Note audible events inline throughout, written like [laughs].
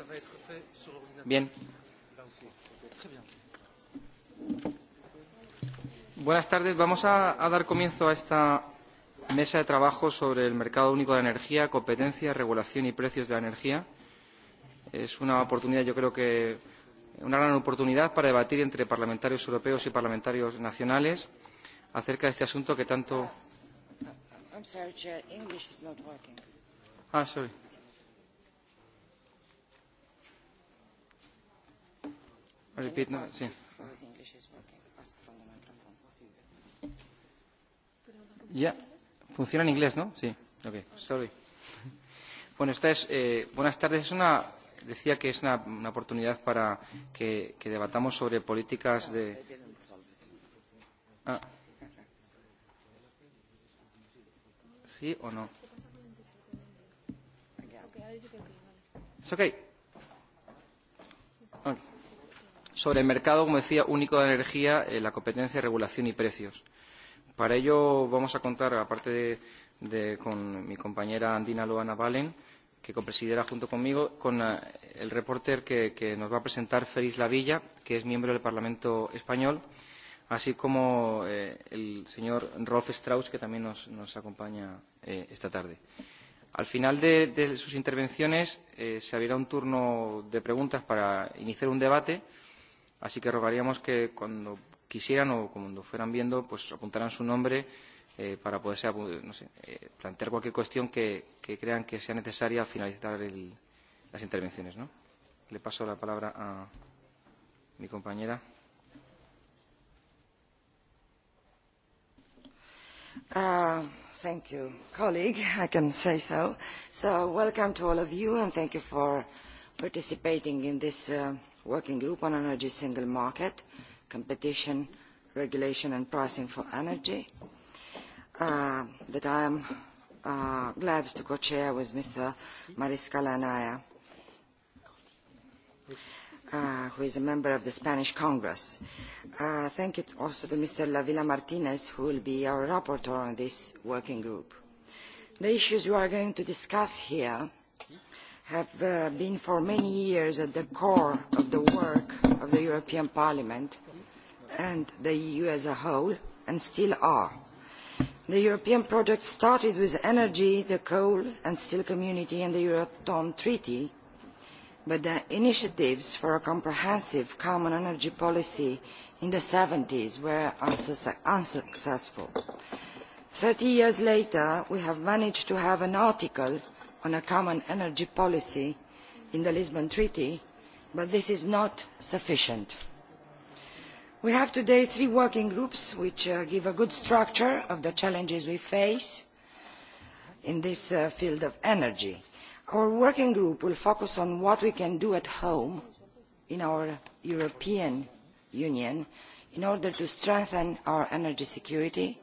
Ça va être fait sur l'ordinateur. Bien. Très bien. Buenas tardes. Vamos a, a dar comienzo a esta mesa de trabajo sobre el mercado único de la energía, competencia, regulación y precios de la energía. Es una oportunidad, yo creo que una gran oportunidad para debatir entre parlamentarios europeos y parlamentarios nacionales acerca de este asunto que tanto. I'm sorry, Chair. English is not working. Ah, sorry. Repeat now. Yes. Yeah. Funciona en inglés, ¿no? Sí. Ok, Sorry. [laughs] Bueno, esta es, eh, buenas tardes. Es una, decía que es una, una oportunidad para que, que debatamos sobre políticas de. Ah. ¿Sí o no? Es ok. okay sobre el mercado, como decía, único de energía, eh, la competencia, regulación y precios. Para ello vamos a contar, aparte de, de con mi compañera Andina Loana Valen, que presidirá junto conmigo, con uh, el reporter que, que nos va a presentar Félix Lavilla, que es miembro del Parlamento Español, así como eh, el señor Rolf Strauss, que también nos, nos acompaña eh, esta tarde. Al final de, de sus intervenciones eh, se abrirá un turno de preguntas para iniciar un debate Así que rogaríamos que cuando quisieran o cuando fueran viendo, pues apuntaran su nombre eh, para poderse no sé, eh, plantear cualquier cuestión que, que crean que sea necesaria al finalizar el, las intervenciones. ¿no? Le paso la palabra a mi compañera. Uh, thank you, colleague. I can say so. So welcome to all of you and thank you for participating in this uh, Working Group on Energy Single Market, Competition, Regulation and Pricing for Energy, uh, that I am uh, glad to co-chair with Mr. Mariska Lanaya, uh, who is a member of the Spanish Congress. Uh, thank you also to Mr. Lavila Martinez, who will be our rapporteur on this working group. The issues we are going to discuss here have uh, been for many years at the core of the work of the European Parliament and the EU as a whole, and still are. The European project started with energy, the coal and steel community and the Euratom Treaty, but the initiatives for a comprehensive common energy policy in the 70s were unsuccessful. Thirty years later, we have managed to have an article on a common energy policy in the Lisbon Treaty, but this is not sufficient. We have today three working groups which uh, give a good structure of the challenges we face in this uh, field of energy. Our working group will focus on what we can do at home in our European Union in order to strengthen our energy security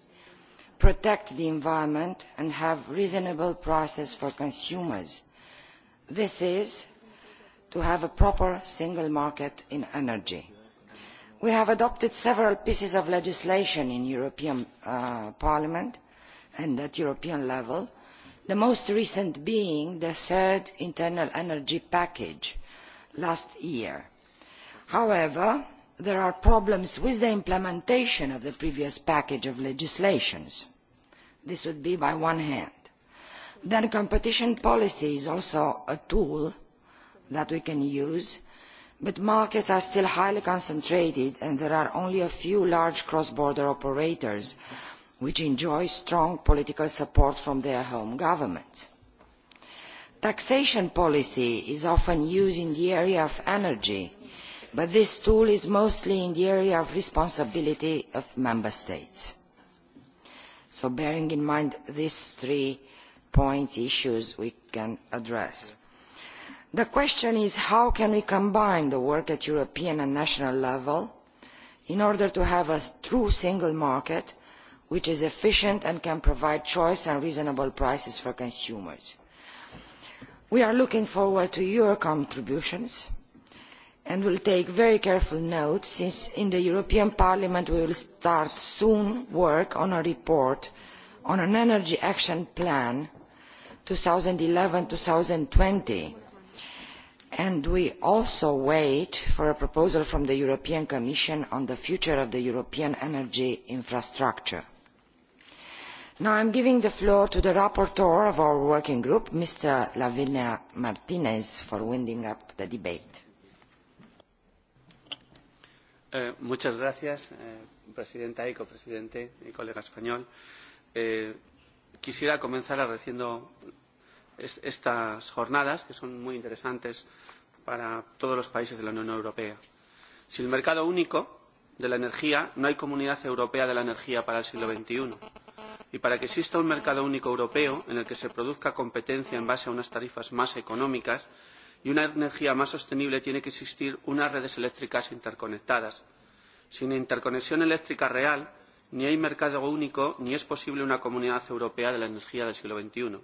protect the environment and have reasonable prices for consumers. This is to have a proper single market in energy. We have adopted several pieces of legislation in European uh, Parliament and at European level, the most recent being the third internal energy package last year. However, there are problems with the implementation of the previous package of legislation. This would be by one hand. Then competition policy is also a tool that we can use, but markets are still highly concentrated and there are only a few large cross-border operators which enjoy strong political support from their home governments. Taxation policy is often used in the area of energy but this tool is mostly in the area of responsibility of member states. So bearing in mind these three point issues we can address. The question is how can we combine the work at European and national level in order to have a true single market which is efficient and can provide choice and reasonable prices for consumers. We are looking forward to your contributions and will take very careful note since in the European Parliament we will start soon work on a report on an energy action plan 2011-2020 and we also wait for a proposal from the European Commission on the future of the European energy infrastructure. Now I am giving the floor to the rapporteur of our working group, Mr. Lavinia Martinez, for winding up the debate. Eh, muchas gracias, eh, Presidenta y copresidente y colega español. Eh, quisiera comenzar agradeciendo es, estas jornadas, que son muy interesantes para todos los países de la Unión Europea. Sin el mercado único de la energía, no hay comunidad europea de la energía para el siglo XXI. Y para que exista un mercado único europeo en el que se produzca competencia en base a unas tarifas más económicas, y una energía más sostenible tiene que existir unas redes eléctricas interconectadas. Sin interconexión eléctrica real, ni hay mercado único ni es posible una comunidad europea de la energía del siglo XXI.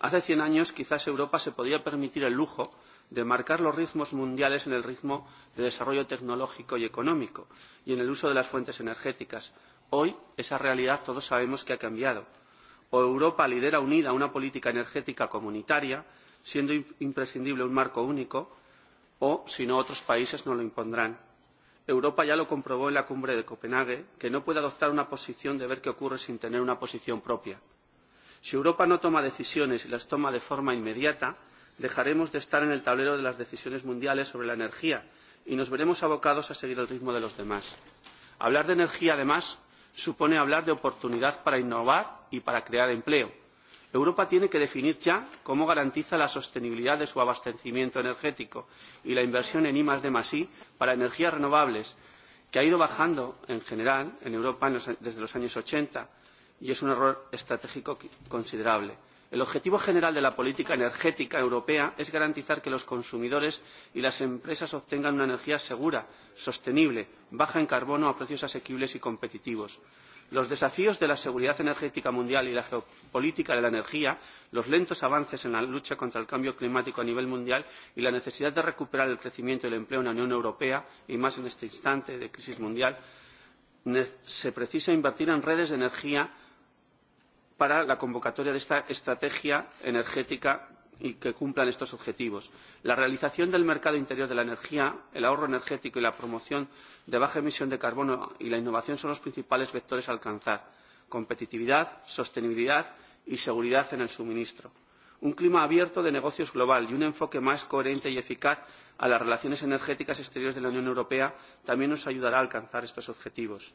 Hace cien años quizás Europa se podía permitir el lujo de marcar los ritmos mundiales en el ritmo de desarrollo tecnológico y económico y en el uso de las fuentes energéticas. Hoy esa realidad todos sabemos que ha cambiado. O Europa lidera unida una política energética comunitaria siendo imprescindible un marco único o, si no, otros países no lo impondrán. Europa ya lo comprobó en la cumbre de Copenhague, que no puede adoptar una posición de ver qué ocurre sin tener una posición propia. Si Europa no toma decisiones y las toma de forma inmediata, dejaremos de estar en el tablero de las decisiones mundiales sobre la energía y nos veremos abocados a seguir el ritmo de los demás. Hablar de energía, además, supone hablar de oportunidad para innovar y para crear empleo Europa tiene que definir ya cómo garantiza la sostenibilidad de su abastecimiento energético y la inversión en I I para energías renovables, que ha ido bajando en general en Europa en los, desde los años 80 y es un error estratégico considerable. El objetivo general de la política energética europea es garantizar que los consumidores y las empresas obtengan una energía segura, sostenible, baja en carbono a precios asequibles y competitivos. Los desafíos de la seguridad energética mundial y la geopolítica de la energía, los lentos avances en la lucha contra el cambio climático a nivel mundial y la necesidad de recuperar el crecimiento y el empleo en la Unión Europea, y más en este instante de crisis mundial, se precisa invertir en redes de energía para la convocatoria de esta estrategia energética y que cumplan estos objetivos. La realización del mercado interior de la energía, el ahorro energético y la promoción de baja emisión de carbono y la innovación son los principales vectores a alcanzar competitividad, sostenibilidad y seguridad en el suministro. Un clima abierto de negocios global y un enfoque más coherente y eficaz a las relaciones energéticas exteriores de la Unión Europea también nos ayudará a alcanzar estos objetivos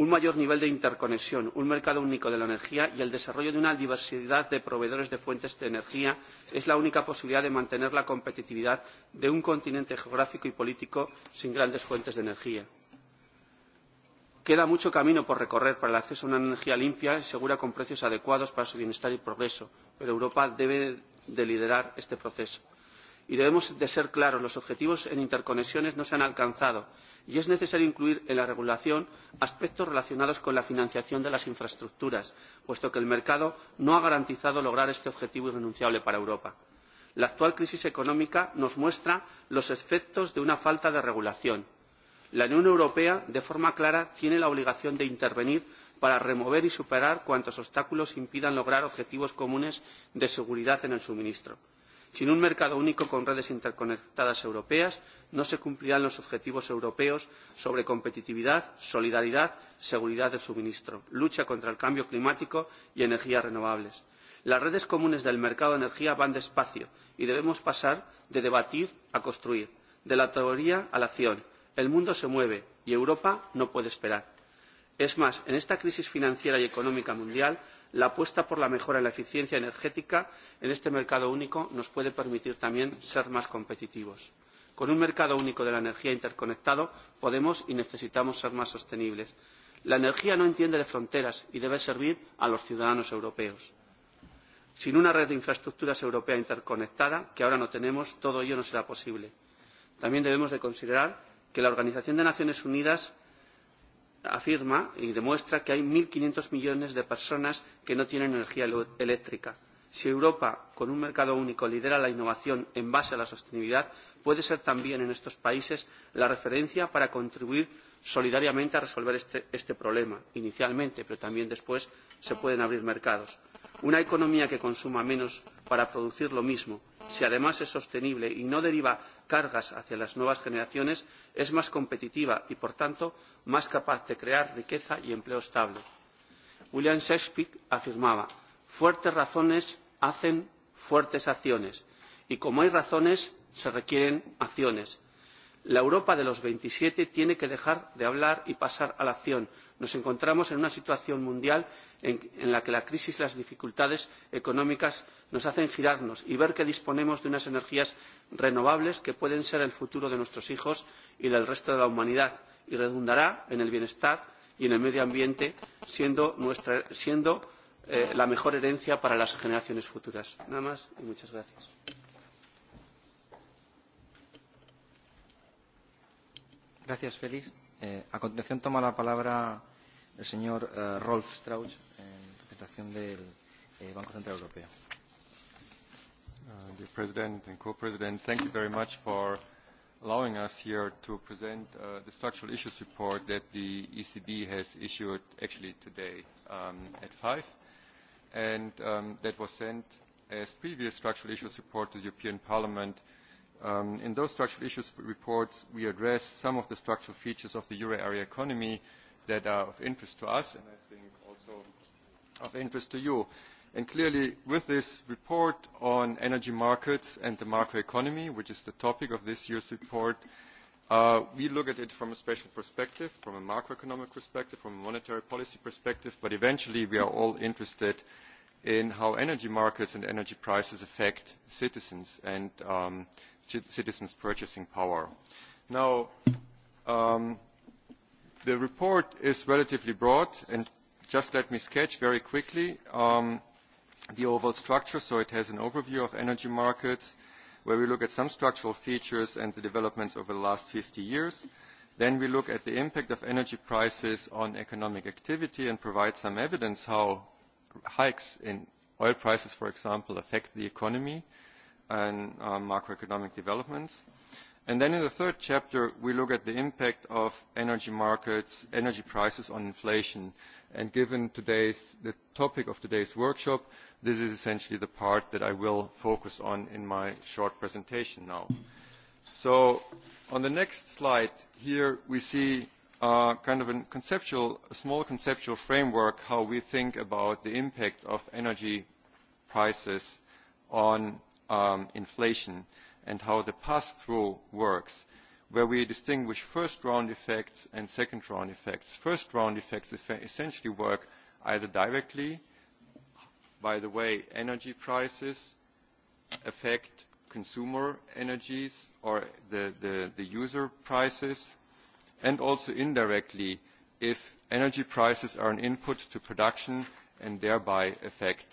un mayor nivel de interconexión, un mercado único de la energía y el desarrollo de una diversidad de proveedores de fuentes de energía es la única posibilidad de mantener la competitividad de un continente geográfico y político sin grandes fuentes de energía. Queda mucho camino por recorrer para el acceso a una energía limpia y segura con precios adecuados para su bienestar y progreso, pero Europa debe de liderar este proceso y debemos de ser claros, los objetivos en interconexiones no se han alcanzado y es necesario incluir en la regulación aspectos relacionados con la financiación de las infraestructuras, puesto que el mercado no ha garantizado lograr este objetivo irrenunciable para Europa. La actual crisis económica nos muestra los efectos de una falta de regulación. La Unión Europea, de forma clara, tiene la obligación de intervenir para remover y superar cuantos obstáculos impidan lograr objetivos comunes de seguridad en el suministro. Sin un mercado único con redes interconectadas europeas no se cumplirán los objetivos europeos sobre competitividad, solidaridad, seguridad del suministro, lucha contra el cambio climático y energías renovables. Las redes comunes del mercado de energía van despacio y debemos pasar de debatir a construir, de la teoría a la acción. El mundo se mueve y Europa no puede esperar. Es más, en esta crisis financiera y económica mundial, la apuesta por la mejora en la eficiencia energética en este mercado único nos puede permitir también ser más competitivos. Con un mercado único de la energía interconectado podemos y necesitamos ser más sostenibles. La energía no entiende de fronteras y debe servir a los ciudadanos europeos. Sin una red de infraestructuras europea interconectada, que ahora no tenemos, todo ello no será posible. También debemos de considerar que la Organización de Naciones Unidas afirma y demuestra que hay 1.500 millones de personas que no tienen energía eléctrica. Si Europa, con un mercado único, lidera la innovación en base a la sostenibilidad, puede ser también en estos países la referencia para contribuir solidariamente a resolver este, este problema, inicialmente, pero también después se pueden abrir mercados. Una economía que consuma menos para producir lo mismo, si además es sostenible y no deriva cargas hacia las nuevas generaciones, es más competitiva y, por tanto, más capaz de crear riqueza y empleo estable. William Shakespeare afirmaba fuertes razones hacen fuertes acciones y como hay razones se requieren acciones. La Europa de los veintisiete tiene que dejar de hablar y pasar a la acción, nos encontramos en una situación mundial en, en la que la crisis y las dificultades económicas nos hacen girarnos y ver que disponemos de unas energías renovables que pueden ser el futuro de nuestros hijos y del resto de la humanidad y redundará en el bienestar y en el medio ambiente, siendo, nuestra, siendo eh, la mejor herencia para las generaciones futuras. Nada más y muchas gracias. Gracias, Félix. Eh, a continuación toma la palabra el señor uh, Rolf Strauch, en representación del eh, Banco Central Europeo. Uh, dear President and Co-President, thank you very much for allowing us here to present uh, the structural issues report that the ECB has issued actually today um, at 5 and um, that was sent as previous structural issues report to the European Parliament. Um, in those structural issues reports, we addressed some of the structural features of the euro area economy that are of interest to us and I think also of interest to you. And clearly, with this report on energy markets and the macroeconomy, which is the topic of this year's report, uh, we look at it from a special perspective, from a macroeconomic perspective, from a monetary policy perspective, but eventually we are all interested in how energy markets and energy prices affect citizens and um, citizens' purchasing power. Now, um, The report is relatively broad, and just let me sketch very quickly um, the overall structure. So it has an overview of energy markets, where we look at some structural features and the developments over the last 50 years. Then we look at the impact of energy prices on economic activity and provide some evidence how hikes in oil prices, for example, affect the economy and uh, macroeconomic developments then in the third chapter, we look at the impact of energy markets, energy prices on inflation. And given today's, the topic of today's workshop, this is essentially the part that I will focus on in my short presentation now. So on the next slide here, we see uh, kind of a conceptual, a small conceptual framework how we think about the impact of energy prices on um, inflation and how the pass-through works, where we distinguish first-round effects and second-round effects. First-round effects essentially work either directly, by the way, energy prices affect consumer energies or the, the, the user prices, and also indirectly if energy prices are an input to production and thereby affect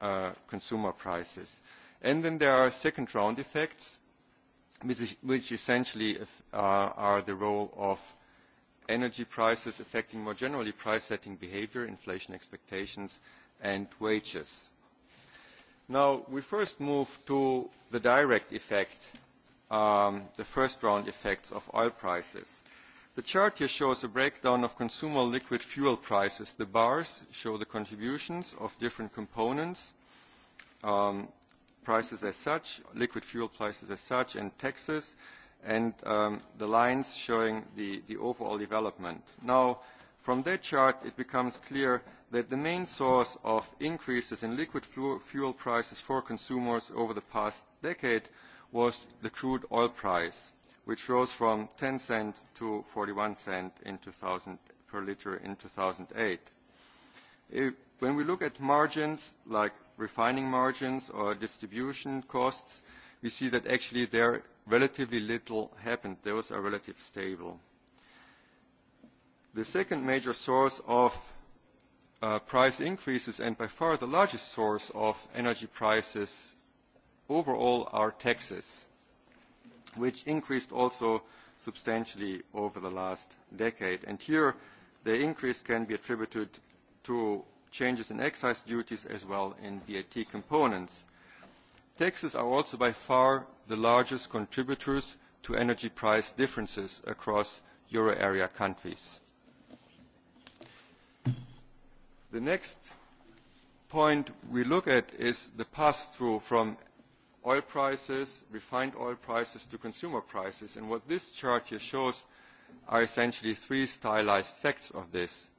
uh, consumer prices. And then there are second round effects, which, is, which essentially uh, are the role of energy prices affecting more generally price setting behavior, inflation expectations, and wages. Now, we first move to the direct effect, um, the first round effects of oil prices. The chart here shows a breakdown of consumer liquid fuel prices. The bars show the contributions of different components, um, prices as such, liquid fuel prices as such, and taxes, and um, the lines showing the, the overall development. Now, from that chart, it becomes clear that the main source of increases in liquid fuel prices for consumers over the past decade was the crude oil price, which rose from 10 cent to 41 cent in 2000 per liter in 2008. If, when we look at margins like refining margins or distribution costs, we see that actually there relatively little happened. Those are relatively stable. The second major source of uh, price increases and by far the largest source of energy prices overall are taxes, which increased also substantially over the last decade. And here the increase can be attributed to changes in excise duties as well in VAT components. Taxes are also by far the largest contributors to energy price differences across euro area countries. The next point we look at is the pass-through from oil prices, refined oil prices to consumer prices. And what this chart here shows are essentially three stylized facts of this.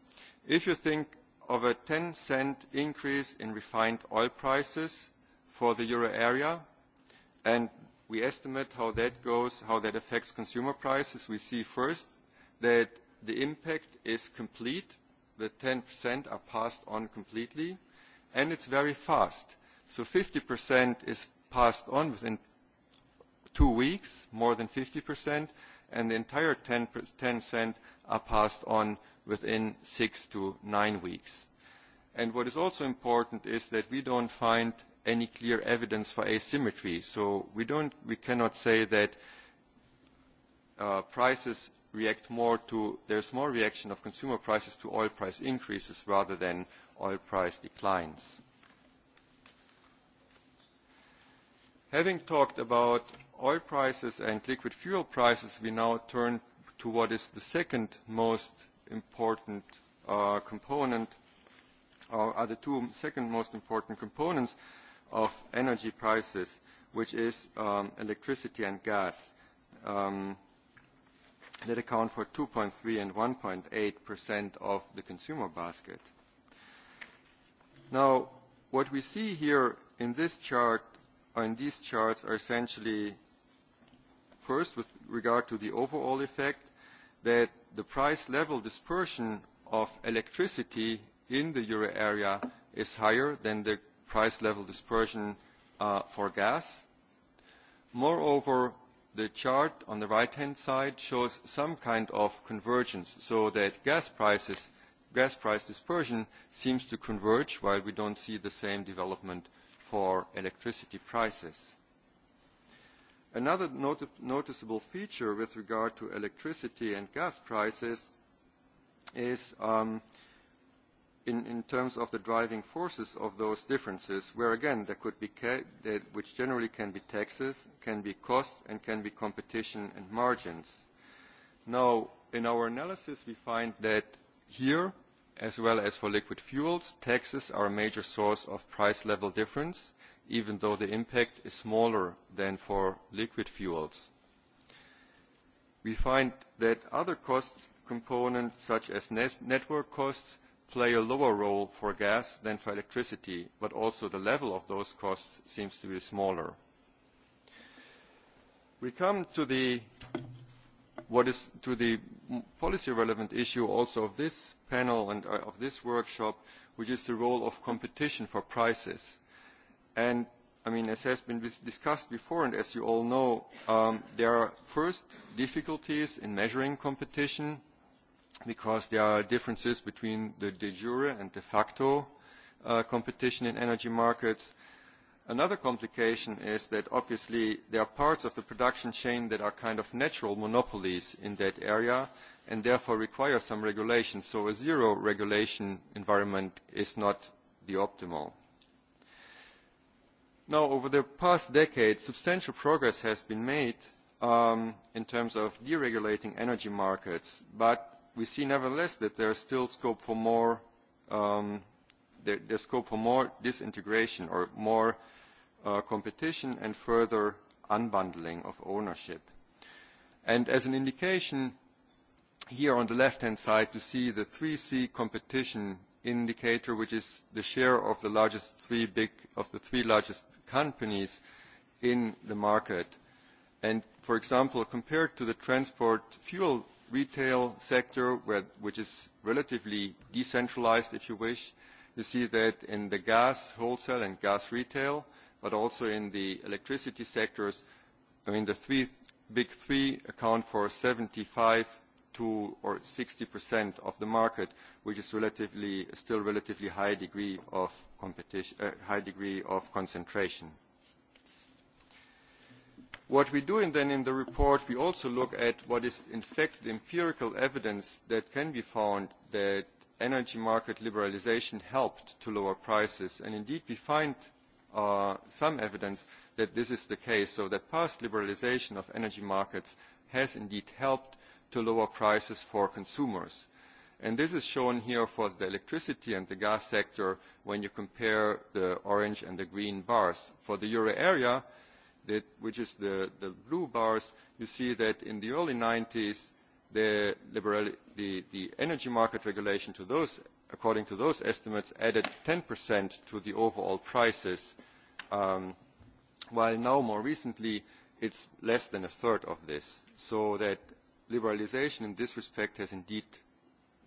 If you think of a 10 cent increase in refined oil prices for the euro area, and we estimate how that goes, how that affects consumer prices. We see first that the impact is complete. The 10% are passed on completely, and it's very fast. So 50% is passed on within two weeks, more than 50%, and the entire 10, 10 cent are passed on within six to nine weeks. And what is also important is that we don't find any clear evidence for asymmetry. So we, don't, we cannot say that uh, prices react more to, there's more reaction of consumer prices to oil price increases rather than oil price declines. Having talked about oil prices and liquid fuel prices, we now turn to what is the second most important uh, component, or are the two second most important components of energy prices, which is um, electricity and gas, um, that account for 2.3 and 1.8 percent of the consumer basket. Now, what we see here in this chart, or uh, in these charts, are essentially first with regard to the overall effect that the price level dispersion of electricity in the euro area is higher than the price level dispersion uh, for gas. Moreover, the chart on the right-hand side shows some kind of convergence so that gas prices, gas price dispersion seems to converge while we don't see the same development for electricity prices. Another noticeable feature with regard to electricity and gas prices is um, in, in terms of the driving forces of those differences, where again there could be ca that which generally can be taxes, can be costs and can be competition and margins. Now, in our analysis, we find that here, as well as for liquid fuels, taxes are a major source of price level difference even though the impact is smaller than for liquid fuels. We find that other cost components, such as network costs, play a lower role for gas than for electricity, but also the level of those costs seems to be smaller. We come to the, what is, to the policy relevant issue also of this panel and uh, of this workshop, which is the role of competition for prices. And I mean, as has been discussed before, and as you all know, um, there are first difficulties in measuring competition because there are differences between the de jure and de facto uh, competition in energy markets. Another complication is that obviously there are parts of the production chain that are kind of natural monopolies in that area and therefore require some regulation. So a zero regulation environment is not the optimal. Now, over the past decade, substantial progress has been made um, in terms of deregulating energy markets, but we see nevertheless that there is still scope for more, um, there, there's scope for more disintegration or more uh, competition and further unbundling of ownership. And as an indication, here on the left-hand side, you see the 3C competition indicator, which is the share of the largest three big, of the three largest companies in the market. And for example, compared to the transport fuel retail sector, where, which is relatively decentralized, if you wish, you see that in the gas wholesale and gas retail, but also in the electricity sectors, I mean, the three, big three account for 75 two or 60% of the market, which is relatively, still relatively high degree of competition, uh, high degree of concentration. What we do in, then in the report, we also look at what is in fact the empirical evidence that can be found that energy market liberalization helped to lower prices. And indeed, we find uh, some evidence that this is the case, so that past liberalization of energy markets has indeed helped to lower prices for consumers. And this is shown here for the electricity and the gas sector when you compare the orange and the green bars. For the euro area, that, which is the, the blue bars, you see that in the early 90s, the, liberal, the, the energy market regulation to those, according to those estimates, added 10% to the overall prices, um, while now more recently it's less than a third of this, so that liberalisation in this respect has indeed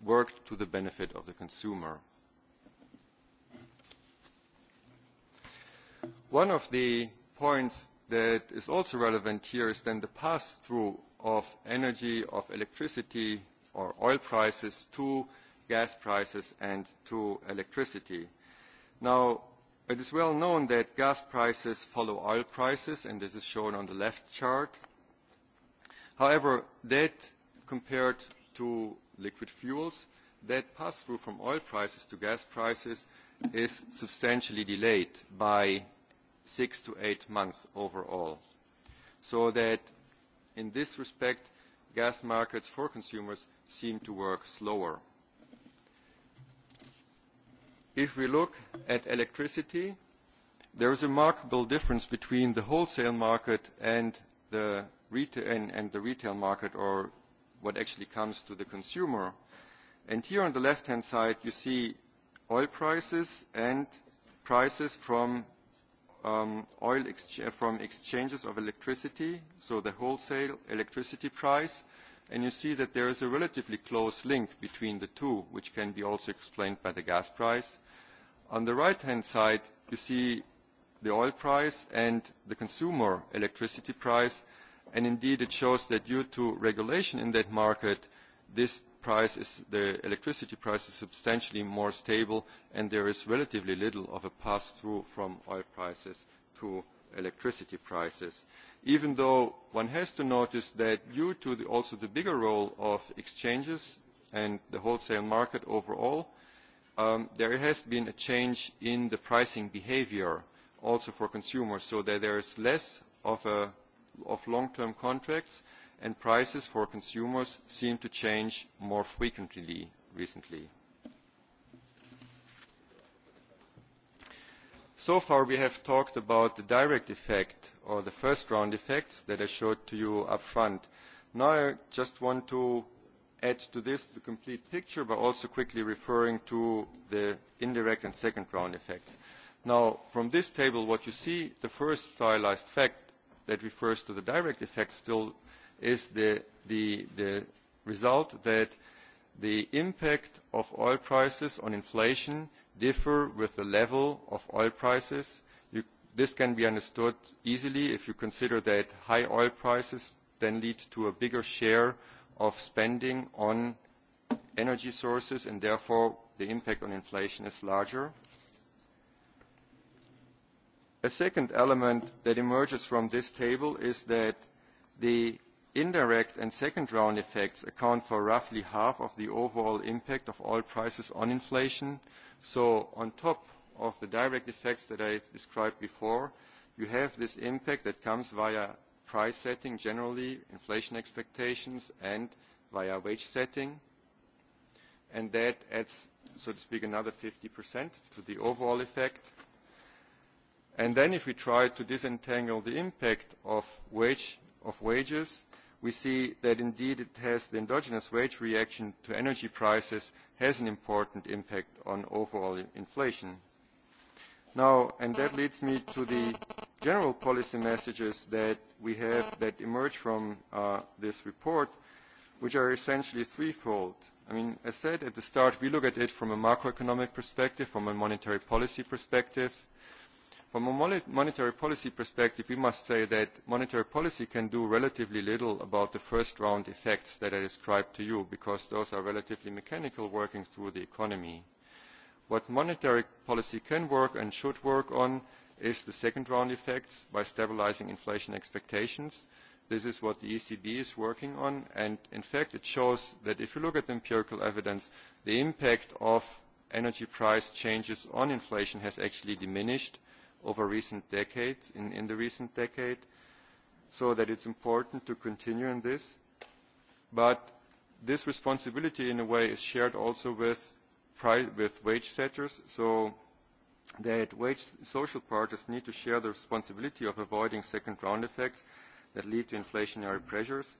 worked to the benefit of the consumer. One of the points that is also relevant here is then the pass-through of energy, of electricity or oil prices to gas prices and to electricity. Now, it is well known that gas prices follow oil prices, and this is shown on the left chart. However, that compared to liquid fuels, that pass-through from oil prices to gas prices is substantially delayed by six to eight months overall. So that in this respect, gas markets for consumers seem to work slower. If we look at electricity, there is a remarkable difference between the wholesale market and the retail and, and the retail market or what actually comes to the consumer. And here on the left-hand side, you see oil prices and prices from um, oil ex from exchanges of electricity, so the wholesale electricity price, and you see that there is a relatively close link between the two, which can be also explained by the gas price. On the right-hand side, you see the oil price and the consumer electricity price, and indeed it shows that due to regulation in that market, this price is, the electricity price is substantially more stable and there is relatively little of a pass-through from oil prices to electricity prices. Even though one has to notice that due to the, also the bigger role of exchanges and the wholesale market overall, um, there has been a change in the pricing behavior also for consumers so that there is less of a of long-term contracts and prices for consumers seem to change more frequently recently. So far we have talked about the direct effect or the first round effects that I showed to you up front. Now I just want to add to this the complete picture but also quickly referring to the indirect and second round effects. Now from this table what you see, the first stylized fact that refers to the direct effect still is the, the, the result that the impact of oil prices on inflation differ with the level of oil prices. You, this can be understood easily if you consider that high oil prices then lead to a bigger share of spending on energy sources and therefore the impact on inflation is larger. A second element that emerges from this table is that the indirect and second round effects account for roughly half of the overall impact of oil prices on inflation. So on top of the direct effects that I described before, you have this impact that comes via price setting generally, inflation expectations, and via wage setting. And that adds, so to speak, another 50% to the overall effect. And then if we try to disentangle the impact of, wage, of wages, we see that indeed it has the endogenous wage reaction to energy prices has an important impact on overall inflation. Now, and that leads me to the general policy messages that we have that emerge from uh, this report, which are essentially threefold. I mean, as said at the start, we look at it from a macroeconomic perspective, from a monetary policy perspective, From a monetary policy perspective, we must say that monetary policy can do relatively little about the first round effects that I described to you because those are relatively mechanical working through the economy. What monetary policy can work and should work on is the second round effects by stabilizing inflation expectations. This is what the ECB is working on and in fact it shows that if you look at the empirical evidence, the impact of energy price changes on inflation has actually diminished over recent decades, in, in the recent decade, so that it's important to continue in this. But this responsibility, in a way, is shared also with, price, with wage setters, so that wage social partners need to share the responsibility of avoiding second-round effects that lead to inflationary pressures.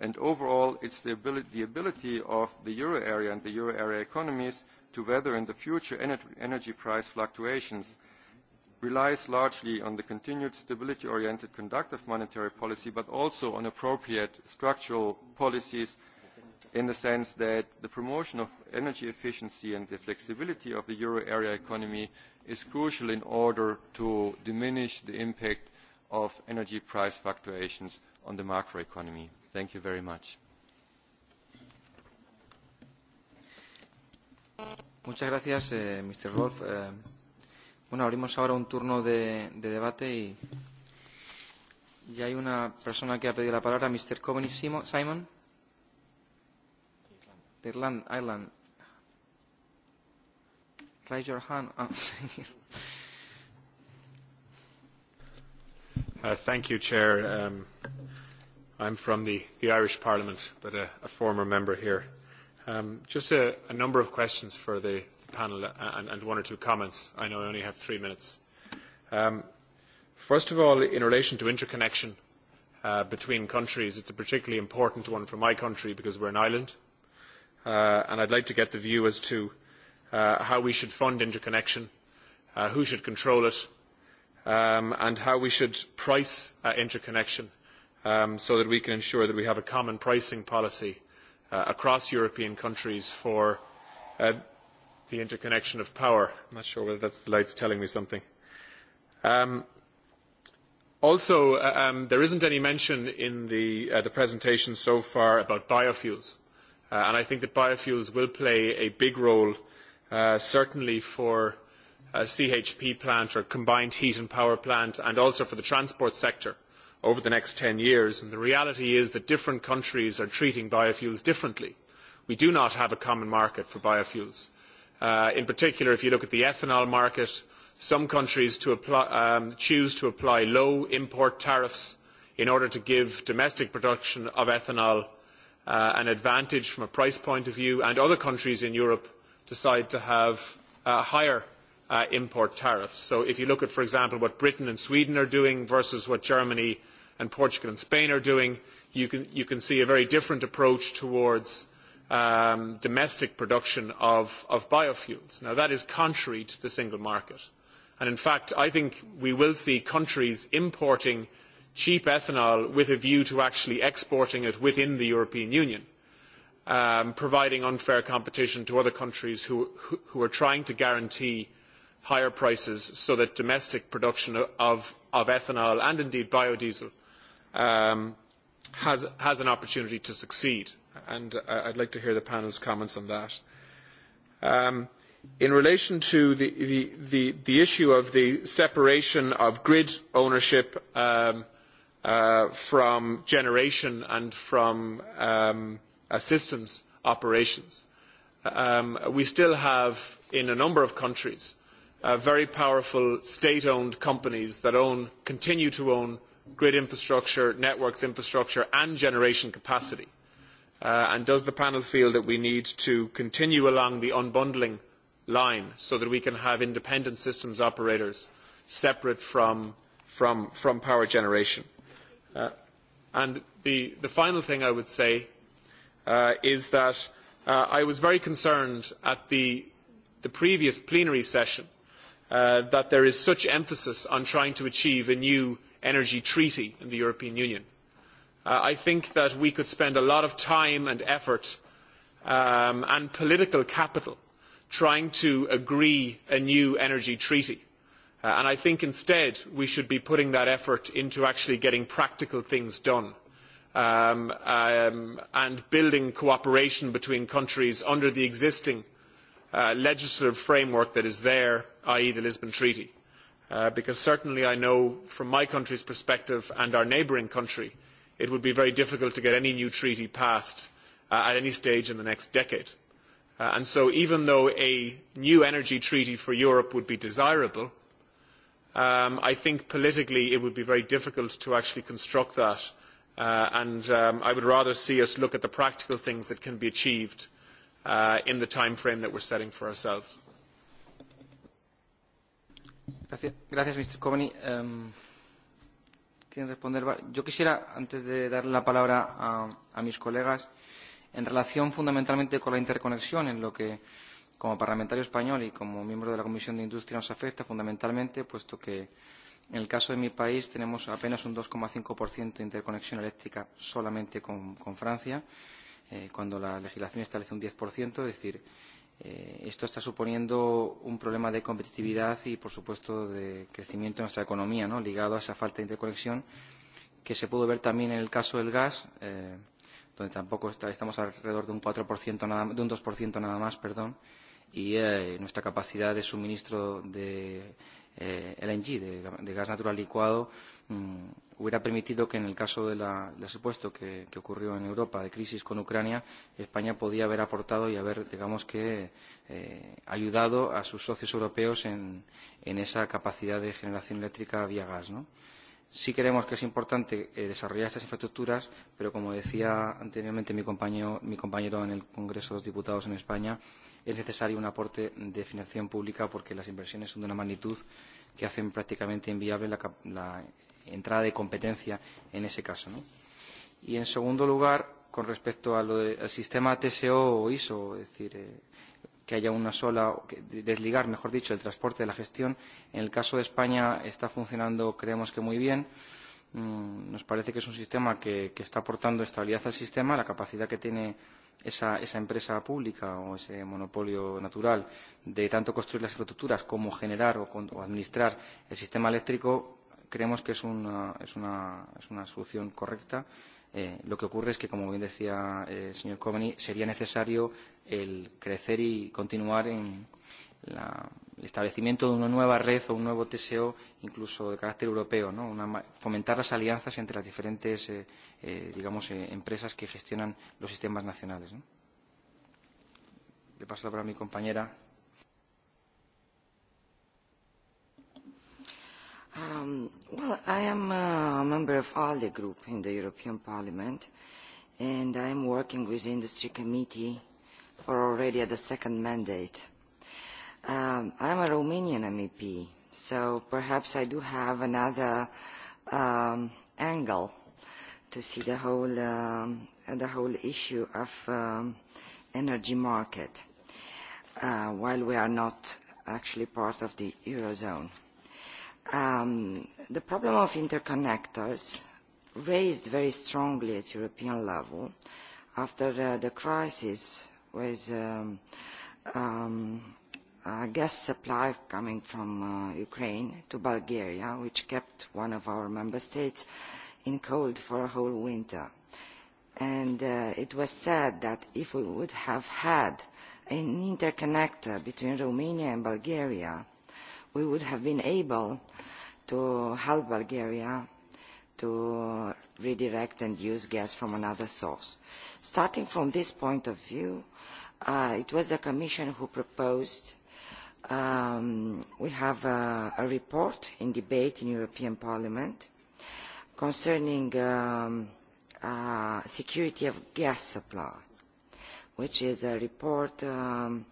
And overall, it's the ability, the ability of the euro area and the euro area economies to weather in the future energy price fluctuations – relies largely on the continued stability-oriented conduct of monetary policy, but also on appropriate structural policies in the sense that the promotion of energy efficiency and the flexibility of the euro area economy is crucial in order to diminish the impact of energy price fluctuations on the macroeconomy. Thank you very much. Muchas gracias, eh, Mr. Wolf. Eh, Bueno, abrimos ahora un turno de, de debate y, y hay una persona que ha pedido la palabra, Mr. Coveney Simon. De Irlanda, Ireland. Raise your hand. Oh. [laughs] uh, thank you, Chair. Um, I'm from the, the Irish Parliament, but a, a former member here. Um, just a, a number of questions for the, panel uh, and, and one or two comments. I know I only have three minutes. Um, first of all, in relation to interconnection uh, between countries, it's a particularly important one for my country because we're an island. Uh, and I'd like to get the view as to uh, how we should fund interconnection, uh, who should control it, um, and how we should price uh, interconnection um, so that we can ensure that we have a common pricing policy uh, across European countries for uh, the interconnection of power. I'm not sure whether that's the lights telling me something. Um, also, uh, um, there isn't any mention in the, uh, the presentation so far about biofuels. Uh, and I think that biofuels will play a big role, uh, certainly for a uh, CHP plant or combined heat and power plant, and also for the transport sector over the next ten years. And the reality is that different countries are treating biofuels differently. We do not have a common market for biofuels. Uh, in particular, if you look at the ethanol market, some countries to apply, um, choose to apply low import tariffs in order to give domestic production of ethanol uh, an advantage from a price point of view, and other countries in Europe decide to have uh, higher uh, import tariffs. So if you look at, for example, what Britain and Sweden are doing versus what Germany and Portugal and Spain are doing, you can, you can see a very different approach towards um, domestic production of, of biofuels. Now, that is contrary to the single market. And in fact, I think we will see countries importing cheap ethanol with a view to actually exporting it within the European Union, um, providing unfair competition to other countries who, who, who, are trying to guarantee higher prices so that domestic production of, of ethanol and indeed biodiesel um, has, has an opportunity to succeed and I would like to hear the panel's comments on that. Um, in relation to the, the, the, the, issue of the separation of grid ownership um, uh, from generation and from um, systems operations, um, we still have in a number of countries uh, very powerful state-owned companies that own, continue to own grid infrastructure, networks infrastructure and generation capacity. Uh, and does the panel feel that we need to continue along the unbundling line so that we can have independent systems operators separate from, from, from power generation? Uh, and the, the final thing I would say uh, is that uh, I was very concerned at the, the previous plenary session uh, that there is such emphasis on trying to achieve a new energy treaty in the European Union Uh, I think that we could spend a lot of time and effort um, and political capital trying to agree a new energy treaty. Uh, and I think instead we should be putting that effort into actually getting practical things done um, um, and building cooperation between countries under the existing uh, legislative framework that is there, i. e. the Lisbon Treaty. Uh, because certainly I know from my country's perspective and our neighbouring country it would be very difficult to get any new treaty passed uh, at any stage in the next decade. Uh, and so even though a new energy treaty for Europe would be desirable, um, I think politically it would be very difficult to actually construct that. Uh, and um, I would rather see us look at the practical things that can be achieved uh, in the time frame that we are setting for ourselves. Gracias. Gracias, quieren responder. Yo quisiera, antes de dar la palabra a, a mis colegas, en relación fundamentalmente con la interconexión, en lo que como parlamentario español y como miembro de la Comisión de Industria nos afecta fundamentalmente, puesto que en el caso de mi país tenemos apenas un 2,5% de interconexión eléctrica solamente con, con Francia, eh, cuando la legislación establece un 10%, es decir, Eh, esto está suponiendo un problema de competitividad y, por supuesto, de crecimiento de nuestra economía, ¿no? ligado a esa falta de interconexión que se pudo ver también en el caso del gas, eh, donde tampoco está, estamos alrededor de un 4% nada, de un 2% nada más, perdón, y eh, nuestra capacidad de suministro de eh, LNG, de, de gas natural licuado, mm, hubiera permitido que en el caso de la, supuesto que, que ocurrió en Europa de crisis con Ucrania, España podía haber aportado y haber, digamos que, eh, ayudado a sus socios europeos en, en esa capacidad de generación eléctrica vía gas, ¿no? Sí creemos que es importante eh, desarrollar estas infraestructuras, pero como decía anteriormente mi compañero, mi compañero en el Congreso de los Diputados en España, es necesario un aporte de financiación pública porque las inversiones son de una magnitud que hacen prácticamente inviable la, la entrada de competencia en ese caso. ¿no? Y en segundo lugar, con respecto a lo al sistema TSO o ISO, es decir, eh, que haya una sola, desligar, mejor dicho, el transporte de la gestión. En el caso de España está funcionando, creemos que muy bien. Mm, nos parece que es un sistema que, que está aportando estabilidad al sistema, la capacidad que tiene esa, esa empresa pública o ese monopolio natural de tanto construir las infraestructuras como generar o, o administrar el sistema eléctrico, creemos que es una, es una, es una solución correcta. Eh, lo que ocurre es que, como bien decía eh, el señor Comeny, sería necesario el crecer y continuar en la, el establecimiento de una nueva red o un nuevo TSO, incluso de carácter europeo, ¿no? una, fomentar las alianzas entre las diferentes eh, eh, digamos, eh, empresas que gestionan los sistemas nacionales. ¿no? Le paso la palabra a mi compañera. Um, well, I am a member of ALDE group in the European Parliament, and I am working with the Industry Committee or already at the second mandate. Um, I'm a Romanian MEP, so perhaps I do have another um, angle to see the whole, um, the whole issue of um, energy market uh, while we are not actually part of the Eurozone. Um, the problem of interconnectors raised very strongly at European level after uh, the crisis with um, um, a gas supply coming from uh, Ukraine to Bulgaria, which kept one of our member states in cold for a whole winter. And uh, it was said that if we would have had an interconnector between Romania and Bulgaria, we would have been able to help Bulgaria to redirect and use gas from another source. Starting from this point of view, Uh, it was the Commission who proposed um, we have a, a report in debate in European Parliament concerning um, uh, security of gas supply, which is a report um,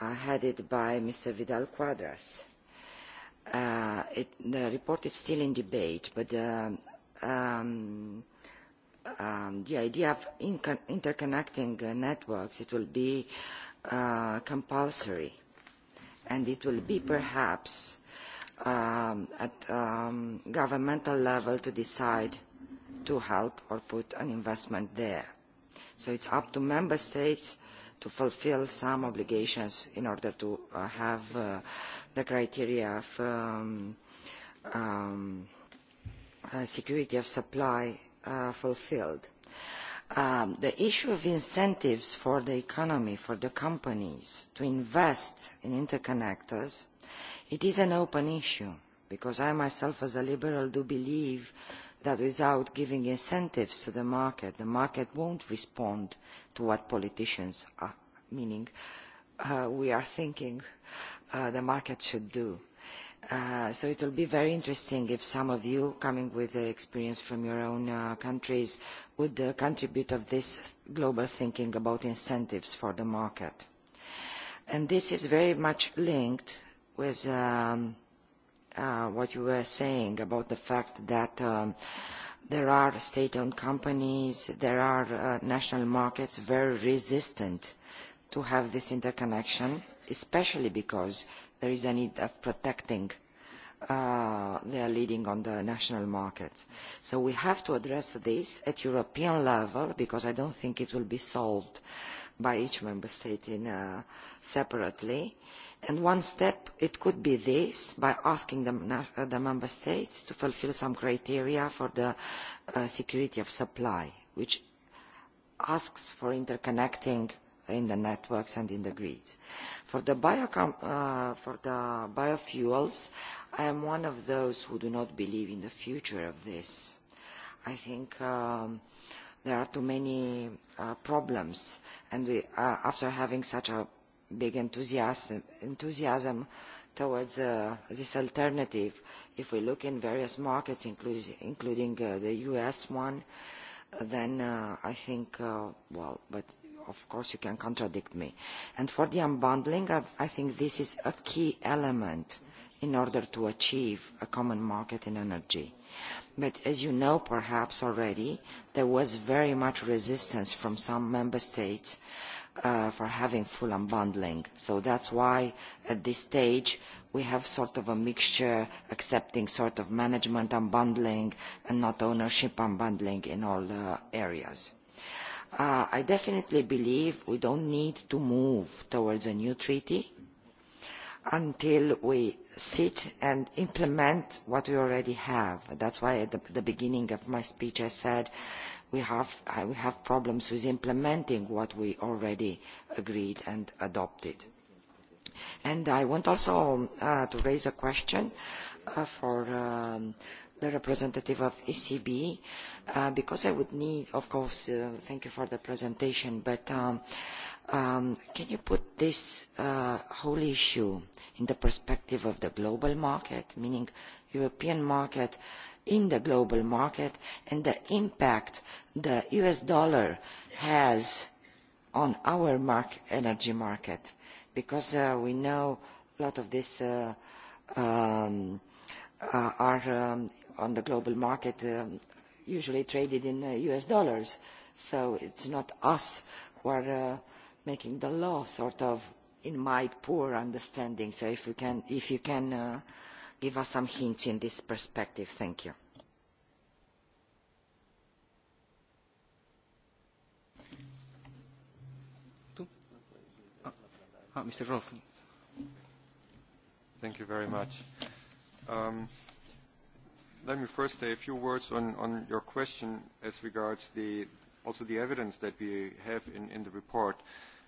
uh, headed by Mr. Vidal Quadras. Uh, it, the report is still in debate, but um, um, um, the idea of interconnecting uh, networks, it will be uh, compulsory. And it will be perhaps um, at um, governmental level to decide to help or put an investment there. So it's up to member states to fulfill some obligations in order to uh, have uh, the criteria of um, um, uh, security of supply uh, fulfilled. Um, the issue of incentives for the economy, for the companies to invest in interconnectors, it is an open issue because I myself as a liberal do believe that without giving incentives to the market, the market won't respond to what politicians are, meaning uh, we are thinking uh, the market should do. Uh, so it will be very interesting if some of you, coming with the experience from your own uh, countries, would uh, contribute to this global thinking about incentives for the market. And this is very much linked with um, uh, what you were saying about the fact that um, there are state-owned companies, there are uh, national markets very resistant to have this interconnection, especially because there is a need of protecting uh, their leading on the national market. So we have to address this at European level because I don't think it will be solved by each member state in, uh, separately. And one step, it could be this, by asking the, uh, the member states to fulfill some criteria for the uh, security of supply, which asks for interconnecting in the networks and in the grids. For the, bio, uh, for the biofuels, I am one of those who do not believe in the future of this. I think um, there are too many uh, problems, and we, uh, after having such a big enthusiasm, enthusiasm towards uh, this alternative, if we look in various markets, including, including uh, the U.S. one, then uh, I think, uh, well, but of course you can contradict me. And for the unbundling, I, I think this is a key element in order to achieve a common market in energy. But as you know perhaps already, there was very much resistance from some member states uh, for having full unbundling. So that's why at this stage we have sort of a mixture accepting sort of management unbundling and not ownership unbundling in all uh, areas. Uh, Uh, I definitely believe we don't need to move towards a new treaty until we sit and implement what we already have. That's why at the, the beginning of my speech I said we have, uh, we have problems with implementing what we already agreed and adopted. And I want also uh, to raise a question uh, for um, the representative of ECB. Uh, uh, because I would need, of course, uh, thank you for the presentation, but um, um, can you put this uh, whole issue in the perspective of the global market, meaning European market in the global market, and the impact the US dollar has on our mark energy market? Because uh, we know a lot of this uh, um, uh, are um, on the global market um, usually traded in US uh, dollars. So it's not us who are uh, making the law, sort of, in my poor understanding. So if you can, if you can uh, give us some hints in this perspective, thank you. Ah, ah, Mr. Thank you very much. Um, let me first say a few words on, on your question as regards the, also the evidence that we have in, in the report.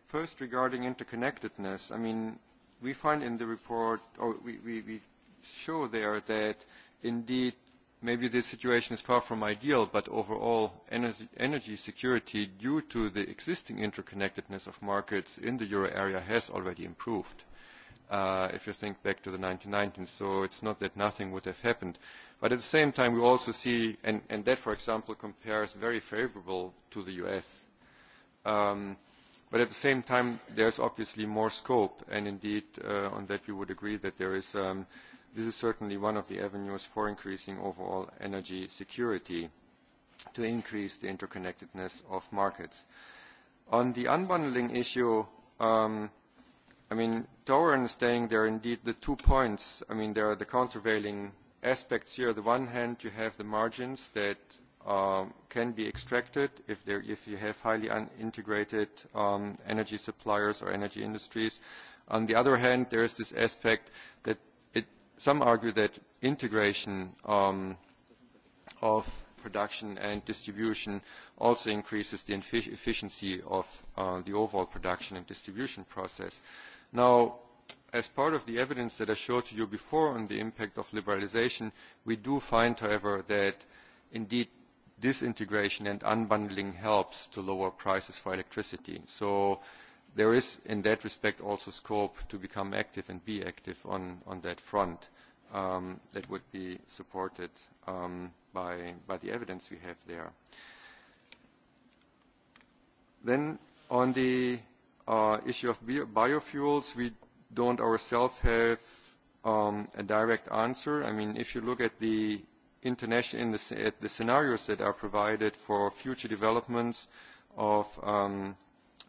First, regarding interconnectedness, I mean, we find in the report, or we, we, we show there that indeed maybe the situation is far from ideal, but overall energy, energy security due to the existing interconnectedness of markets in the euro area has already improved uh, if you think back to the 1990s. So it's not that nothing would have happened. But at the same time, we also see, and, and that, for example, compares very favorable to the US. Um, but at the same time, there's obviously more scope, and indeed, uh, on that we would agree that there is, um, this is certainly one of the avenues for increasing overall energy security to increase the interconnectedness of markets. On the unbundling issue, um, I mean, to our understanding, there are indeed the two points. I mean, there are the countervailing aspects here. On the one hand, you have the margins that um, can be extracted if, there, if you have highly integrated um, energy suppliers or energy industries. On the other hand, there is this aspect that it, some argue that integration um, of production and distribution also increases the efficiency of uh, the overall production and distribution process. Now, as part of the evidence that I showed to you before on the impact of liberalization, we do find, however, that indeed disintegration and unbundling helps to lower prices for electricity. So there is, in that respect, also scope to become active and be active on, on that front um, that would be supported um, by, by the evidence we have there. Then on the uh, issue of biofuels, we don't ourselves have um, a direct answer. I mean, if you look at the international, in the, at the scenarios that are provided for future developments of, um,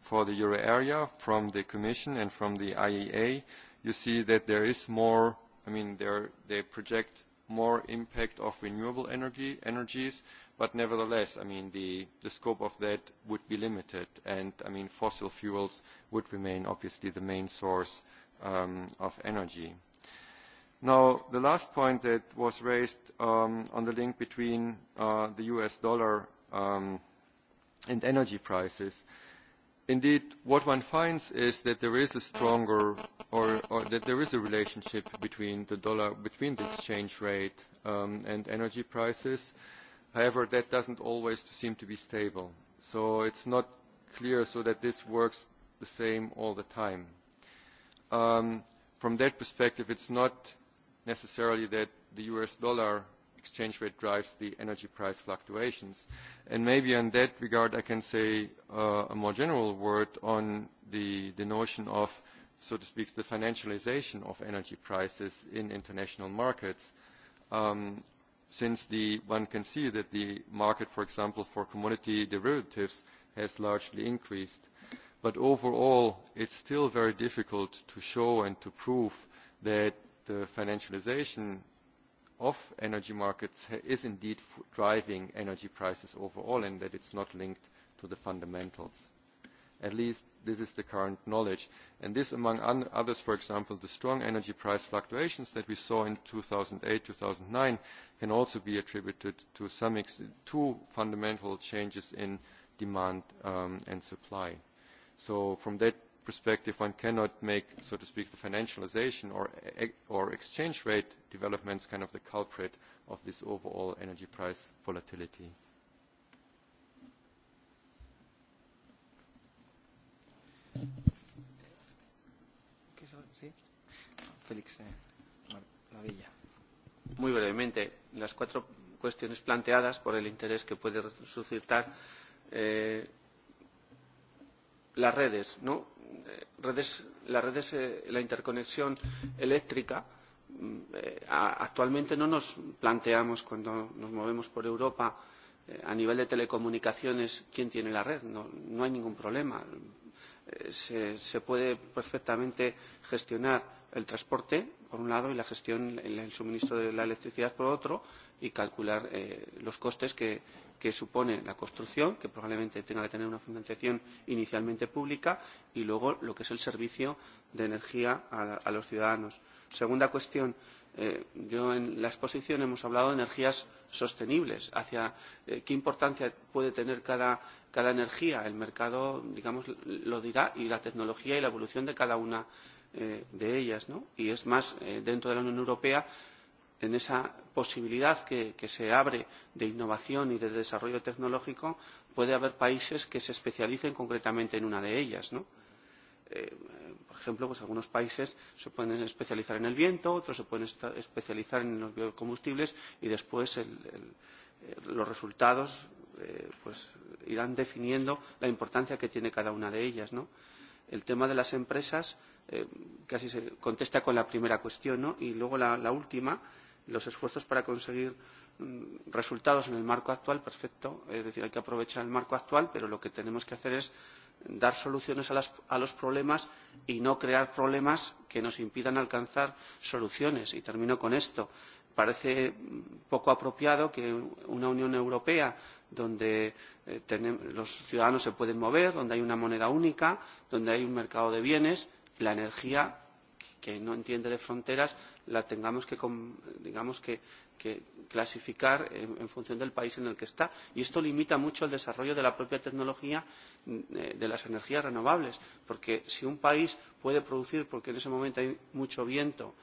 for the euro area from the Commission and from the IEA, you see that there is more, I mean, there, they project more impact of renewable energy, energies, but nevertheless, I mean, the, the scope of that would be limited, and I mean, fossil fuels would remain obviously the main source um, of energy. Now, the last point that was raised um, on the link between uh, the US dollar um, and energy prices, uh, indeed, what one finds is that there is a stronger or, or that there is a relationship between the dollar, between the exchange rate um, and energy prices. However, that doesn't always seem to be stable. So it's not clear so that this works the same all the time. Um, from that perspective, it's not necessarily that the US dollar exchange rate drives the energy price fluctuations. And maybe in that regard I can say uh, a more general word on the, the notion of, so to speak, the financialization of energy prices in international markets. Um, since the, one can see that the market, for example, for commodity derivatives has largely increased. But overall, it's still very difficult to show and to prove that the financialization of energy markets is indeed driving energy prices overall and that it's not linked to the fundamentals. At least this is the current knowledge. And this, among others, for example, the strong energy price fluctuations that we saw in 2008, 2009 can also be attributed to some ex two fundamental changes in demand um, and supply. So from that perspective, one cannot make, so to speak, the financialization or, e, or exchange rate developments kind of the culprit of this overall energy price volatility. Félix eh, Muy brevemente, las cuatro cuestiones planteadas por el interés que puede suscitar eh, las redes, ¿no? Eh, redes las redes, eh, la interconexión eléctrica, mm, eh, actualmente no nos planteamos cuando nos movemos por Europa a nivel de telecomunicaciones quién tiene la red, no, no hay ningún problema. se, se puede perfectamente gestionar el transporte, por un lado, y la gestión, el suministro de la electricidad, por otro, y calcular eh, los costes que, que supone la construcción, que probablemente tenga que tener una financiación inicialmente pública, y luego lo que es el servicio de energía a, a los ciudadanos. Segunda cuestión. Eh, yo en la exposición hemos hablado de energías sostenibles, hacia eh, qué importancia puede tener cada, cada energía. El mercado, digamos, lo dirá y la tecnología y la evolución de cada una eh, de ellas, ¿no? Y es más, eh, dentro de la Unión Europea, en esa posibilidad que, que se abre de innovación y de desarrollo tecnológico, puede haber países que se especialicen concretamente en una de ellas, ¿no? Eh, por ejemplo, pues algunos países se pueden especializar en el viento, otros se pueden especializar en los biocombustibles y después el, el, los resultados eh, pues irán definiendo la importancia que tiene cada una de ellas, ¿no? El tema de las empresas Eh, casi se contesta con la primera cuestión, ¿no? Y luego la, la última, los esfuerzos para conseguir mm, resultados en el marco actual, perfecto, es decir, hay que aprovechar el marco actual, pero lo que tenemos que hacer es dar soluciones a, las, a los problemas y no crear problemas que nos impidan alcanzar soluciones. Y termino con esto. Parece mm, poco apropiado que una Unión Europea donde eh, tenemos, los ciudadanos se pueden mover, donde hay una moneda única, donde hay un mercado de bienes, la energía que no entiende de fronteras la tengamos que, digamos que, que clasificar en, en función del país en el que está. Y esto limita mucho el desarrollo de la propia tecnología mm, eh, de las energías renovables, porque si un país puede producir, porque en ese momento hay mucho viento,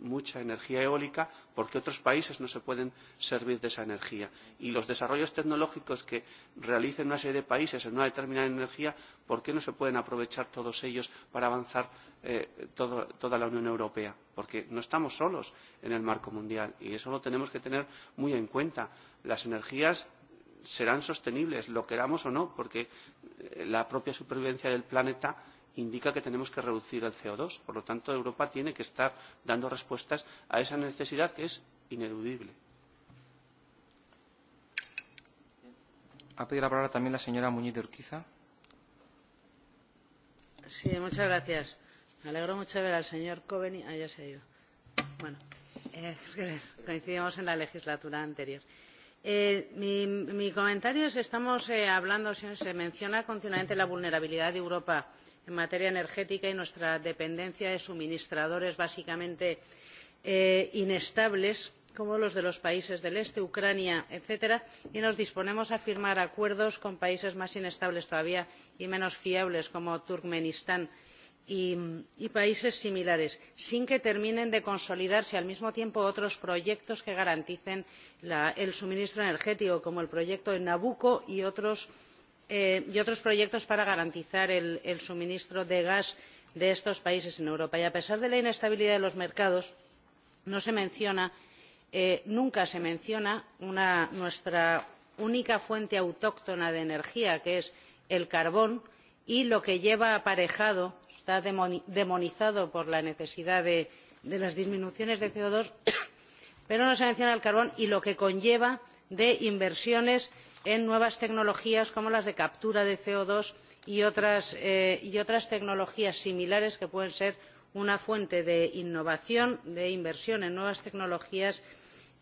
mucha energía eólica porque otros países no se pueden servir de esa energía. Y los desarrollos tecnológicos que realicen una serie de países en una determinada energía, ¿por qué no se pueden aprovechar todos ellos para avanzar eh, todo, toda la Unión Europea? Porque no estamos solos en el marco mundial y eso lo tenemos que tener muy en cuenta. Las energías serán sostenibles, lo queramos o no, porque eh, la propia supervivencia del planeta indica que tenemos que reducir el CO2. Por lo tanto, Europa tiene que estar dando respuestas a esa necesidad que es ineludible. Ha pedido la palabra también la señora Muñiz de Urquiza. Sí, muchas gracias. Me alegro mucho de ver al señor Coveni Ah, ya se ha ido. Bueno, eh, es que coincidimos en la legislatura anterior. Eh, mi, mi comentario es, estamos eh, hablando, se menciona continuamente la vulnerabilidad de Europa en materia energética y nuestra dependencia de suministradores básicamente eh, inestables como los de los países del este, Ucrania, etcétera, y nos disponemos a firmar acuerdos con países más inestables todavía y menos fiables como Turkmenistán y, y países similares, sin que terminen de consolidarse al mismo tiempo otros proyectos que garanticen la, el suministro energético, como el proyecto de Nabucco y otros proyectos eh, y otros proyectos para garantizar el, el suministro de gas de estos países en Europa. Y a pesar de la inestabilidad de los mercados, no se menciona, eh, nunca se menciona una, nuestra única fuente autóctona de energía, que es el carbón, y lo que lleva aparejado, está demonizado por la necesidad de, de las disminuciones de co dos, [coughs] pero no se menciona el carbón y lo que conlleva de inversiones en nuevas tecnologías como las de captura de co dos eh, y otras, tecnologías similares que pueden ser una fuente de innovación, de inversión en nuevas tecnologías,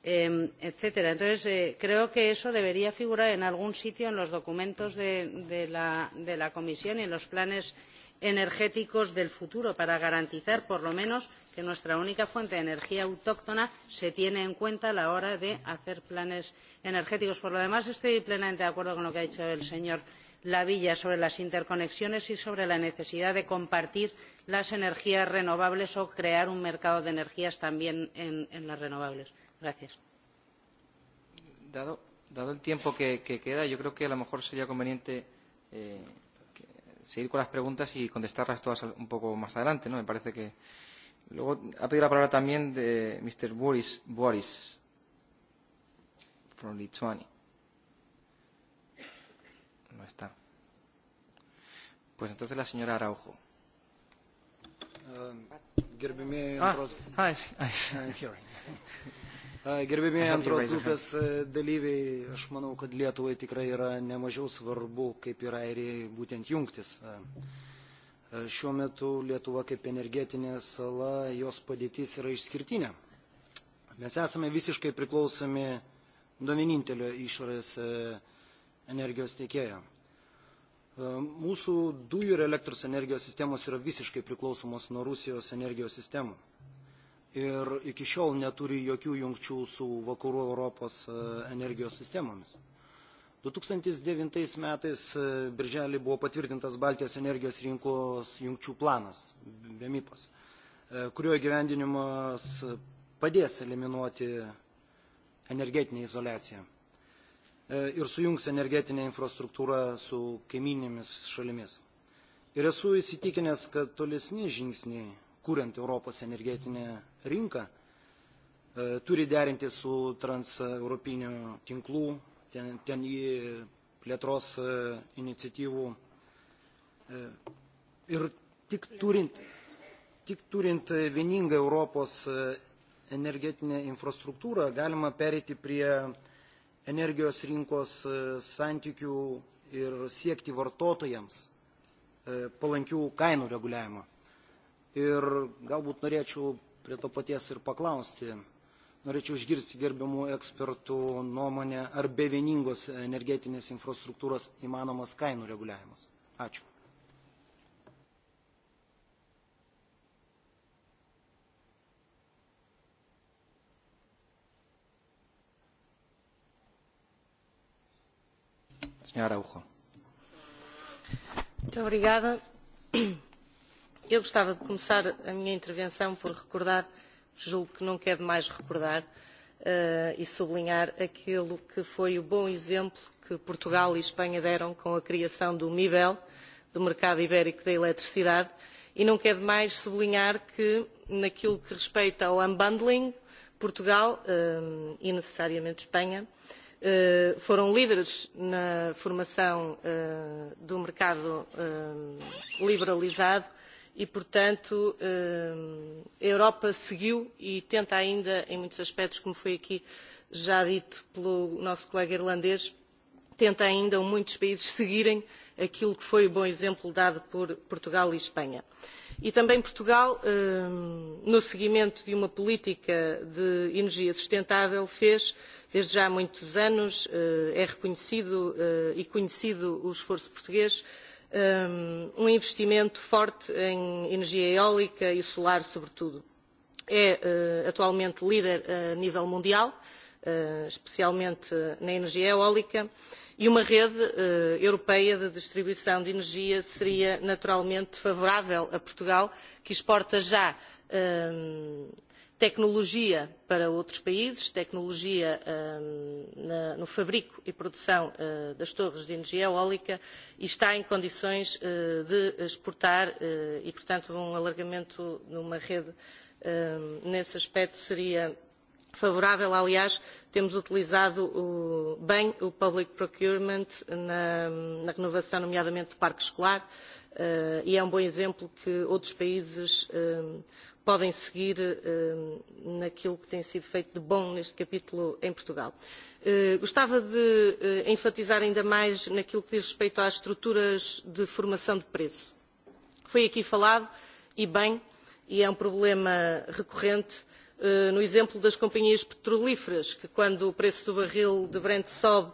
etc. Entonces, eh, creo que eso debería figurar en algún sitio en los documentos de la Comisión y en los planes energéticos del futuro para garantizar, por lo menos, Que nuestra única fuente de energía autóctona se tiene en cuenta a la hora de hacer planes energéticos. Por lo demás, estoy plenamente de acuerdo con lo que ha dicho el señor Lavilla sobre las interconexiones y sobre la necesidad de compartir las energías renovables o crear un mercado de energías también en, en las renovables. Gracias. Dado, dado el tiempo que, que queda, yo creo que a lo mejor sería conveniente eh, seguir con las preguntas y contestarlas todas un poco más adelante. ¿no? Me parece que Luego ha pedido la palabra también de Mr. Boris, Boris from Lithuania. No está. Pues entonces la señora Araujo. Um, Gerbimi ah, antros, ah, uh, grupės uh, dalyviai, aš manau, kad Lietuvai tikrai yra nemažiau svarbu, kaip ir Airijai, būtent jungtis. Uh, Šiuo metu Lietuva kaip energetinė sala, jos padėtis yra išskirtinė. Mes esame visiškai priklausomi nuo vienintelio išorės energijos tiekėjo. Mūsų dujų ir elektros energijos sistemos yra visiškai priklausomos nuo Rusijos energijos sistemų. Ir iki šiol neturi jokių jungčių su vakarų Europos energijos sistemomis. 2009 metais birželį buvo patvirtintas Baltijos energijos rinkos jungčių planas, BEMIPAS, kurio gyvendinimas padės eliminuoti energetinę izolaciją ir sujungs energetinę infrastruktūrą su kaiminėmis šalimis. Ir esu įsitikinęs, kad tolesni žingsniai, kuriant Europos energetinę rinką, turi derinti su transeuropinių tinklų ten į plėtros e, iniciatyvų e, ir tik turint, tik turint vieningą Europos e, energetinę infrastruktūrą galima perėti prie energijos rinkos santykių ir siekti vartotojams palankių kainų reguliavimo. Ir galbūt norėčiau prie to paties ir paklausti Norėčiau išgirsti gerbiamų ekspertų nuomonę, ar be vieningos energetinės infrastruktūros įmanomas kainų reguliavimas. Ačiū. Muito obrigada. Eu gostava de começar a minha intervenção por recordar julgo que não quero mais recordar uh, e sublinhar aquilo que foi o bom exemplo que Portugal e Espanha deram com a criação do MIBEL, do Mercado Ibérico da Eletricidade, e não quero mais sublinhar que, naquilo que respeita ao unbundling, Portugal uh, e necessariamente Espanha uh, foram líderes na formação uh, do mercado liberalizado e, portanto, eh, a Europa seguiu e tenta ainda, em muitos aspectos, como foi aqui já dito pelo nosso colega irlandês, tenta ainda muitos países seguirem aquilo que foi o bom exemplo dado por Portugal e Espanha. E também Portugal, eh, no seguimento de uma política de energia sustentável, fez desde já há muitos anos, eh, é reconhecido e conhecido o esforço português Um, um investimento forte em energia eólica e solar, sobretudo. É uh, atualmente líder uh, a nível mundial, uh, especialmente na energia eólica, e uma rede europeia de distribuição de energia seria naturalmente favorável a Portugal, que exporta já um, tecnologia para outros países, tecnologia um, na, no fabrico e produção uh, das torres de energia eólica e está em condições uh, de exportar uh, e, portanto, um alargamento numa rede nesse aspecto seria favorável. Aliás, temos utilizado o, bem o public procurement na, na renovação, nomeadamente do parque escolar, e é um bom exemplo que outros países uh, podem seguir ehm, naquilo que tem sido feito de bom neste capítulo em Portugal. Eh, gostava de eh, enfatizar ainda mais naquilo que diz respeito às estruturas de formação de preço. Foi aqui falado, e bem, e é um problema recorrente, eh, no exemplo das companhias petrolíferas, que quando o preço do barril de Brent sobe,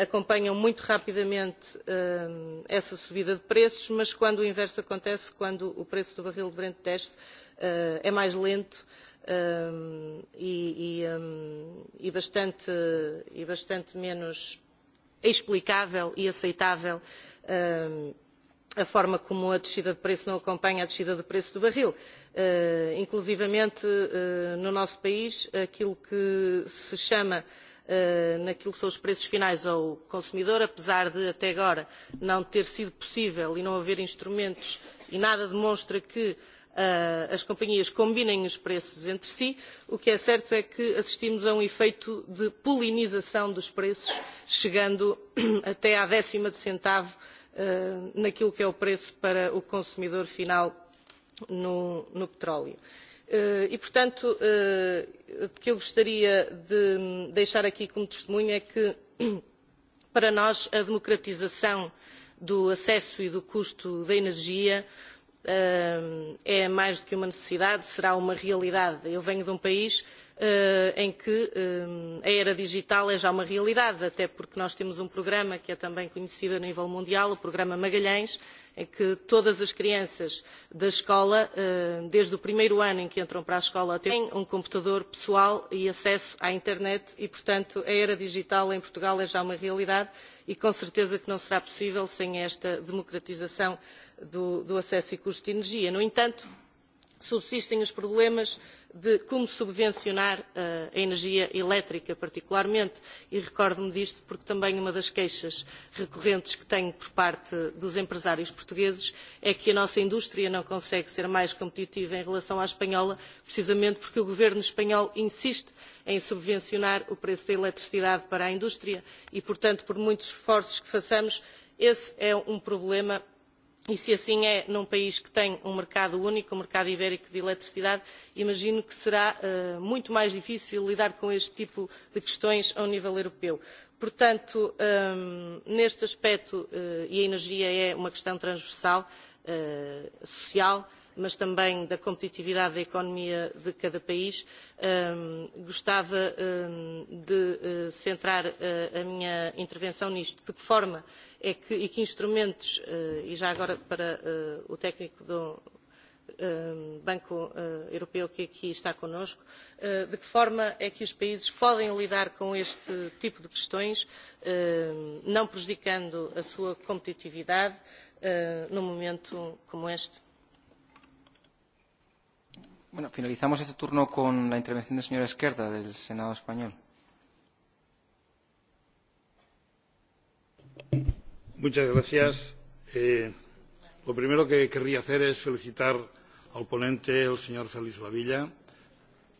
acompanham muito rapidamente ehm, essa subida de preços, mas quando o inverso acontece, quando o preço do barril de Brent desce, uh, é mais lento um, e, e, um, e, bastante, e bastante menos explicável e aceitável um, a forma como a descida de preço não acompanha a descida de preço do barril. Uh, inclusivamente, uh, no nosso país, aquilo que se chama uh, naquilo que são os preços finais ao consumidor, apesar de até agora não ter sido possível e não haver instrumentos e nada demonstra que uh, Ah, as companhias combinem os preços entre si, o que é certo é que assistimos a um efeito de polinização dos preços, chegando [coughs] até à décima de centavo ah, naquilo que é o preço para o consumidor final no, no petróleo. Ah, e, portanto, o que eu gostaria de deixar aqui como testemunho é que, [coughs] para nós, a democratização do acesso e do custo da energia Eh, é mais do que uma necessidade, será uma realidade. Eu venho de um país eh, em que eh, a era digital é já uma realidade, até porque nós temos um programa que é também conhecido a nível mundial, o programa Magalhães, em que todas as crianças da escola, eh, desde o primeiro ano em que entram para a escola, têm um computador pessoal e acesso à internet e, portanto, a era digital em Portugal é já uma realidade e com certeza que não será possível sem esta democratização do, do acesso e custo de energia. No entanto, subsistem os problemas uh, de como subvencionar eh, a energia elétrica, particularmente, e recordo-me disto porque também uma das queixas recorrentes que tenho por parte dos empresários portugueses é que a nossa indústria não consegue ser mais competitiva em relação à espanhola, precisamente porque o governo espanhol insiste em subvencionar o preço da eletricidade para a indústria e, portanto, por muitos esforços que façamos, esse é um problema E se assim é num país que tem um mercado único, um mercado ibérico de eletricidade, imagino que será uh, muito mais difícil lidar com este tipo de questões ao um nível europeu. Portanto, um, neste aspecto, uh, e a energia é uma questão transversal, uh, social, mas também da competitividade da economia de cada país, um, gostava um, de uh, centrar uh, a minha intervenção nisto. De que forma e que, e que instrumentos, eh, e já agora para eh, o técnico do eh, Banco Europeu que aqui está connosco, de que forma é que os países podem lidar com este tipo de questões, não prejudicando a sua competitividade num momento como este? Bueno, finalizamos este turno con la intervención del señor Esquerda, del Senado español. Muchas gracias. Eh, lo primero que querría hacer es felicitar al ponente, el señor Félix Lavilla,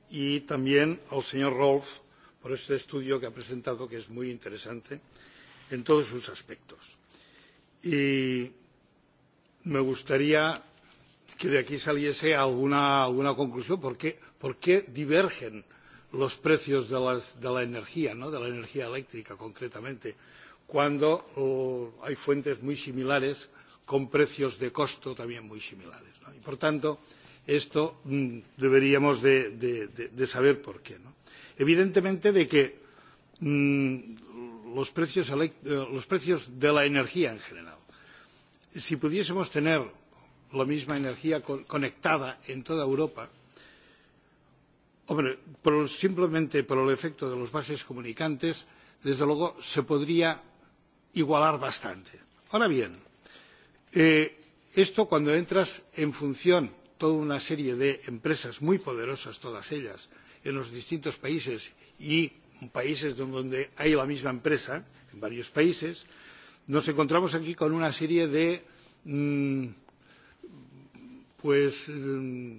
y también al señor Rolf por este estudio que ha presentado, que es muy interesante en todos sus aspectos. Y me gustaría que de aquí saliese alguna, alguna conclusión. ¿Por qué, ¿Por qué divergen los precios de, las, de la energía, ¿no? de la energía eléctrica concretamente? cuando uh, hay fuentes muy similares con precios de costo también muy similares. ¿no? Y por tanto, esto mm, deberíamos de, de, de, de saber por qué. ¿no? Evidentemente de que mm, los, precios eh, los precios de la energía en general, si pudiésemos tener la misma energía co conectada en toda Europa, hombre, por, simplemente por el efecto de los bases comunicantes, desde luego se podría igualar bastante. Ahora bien, eh, esto cuando entras en función toda una serie de empresas muy poderosas, todas ellas, en los distintos países y países donde hay la misma empresa, en varios países, nos encontramos aquí con una serie de, mm, pues, mm,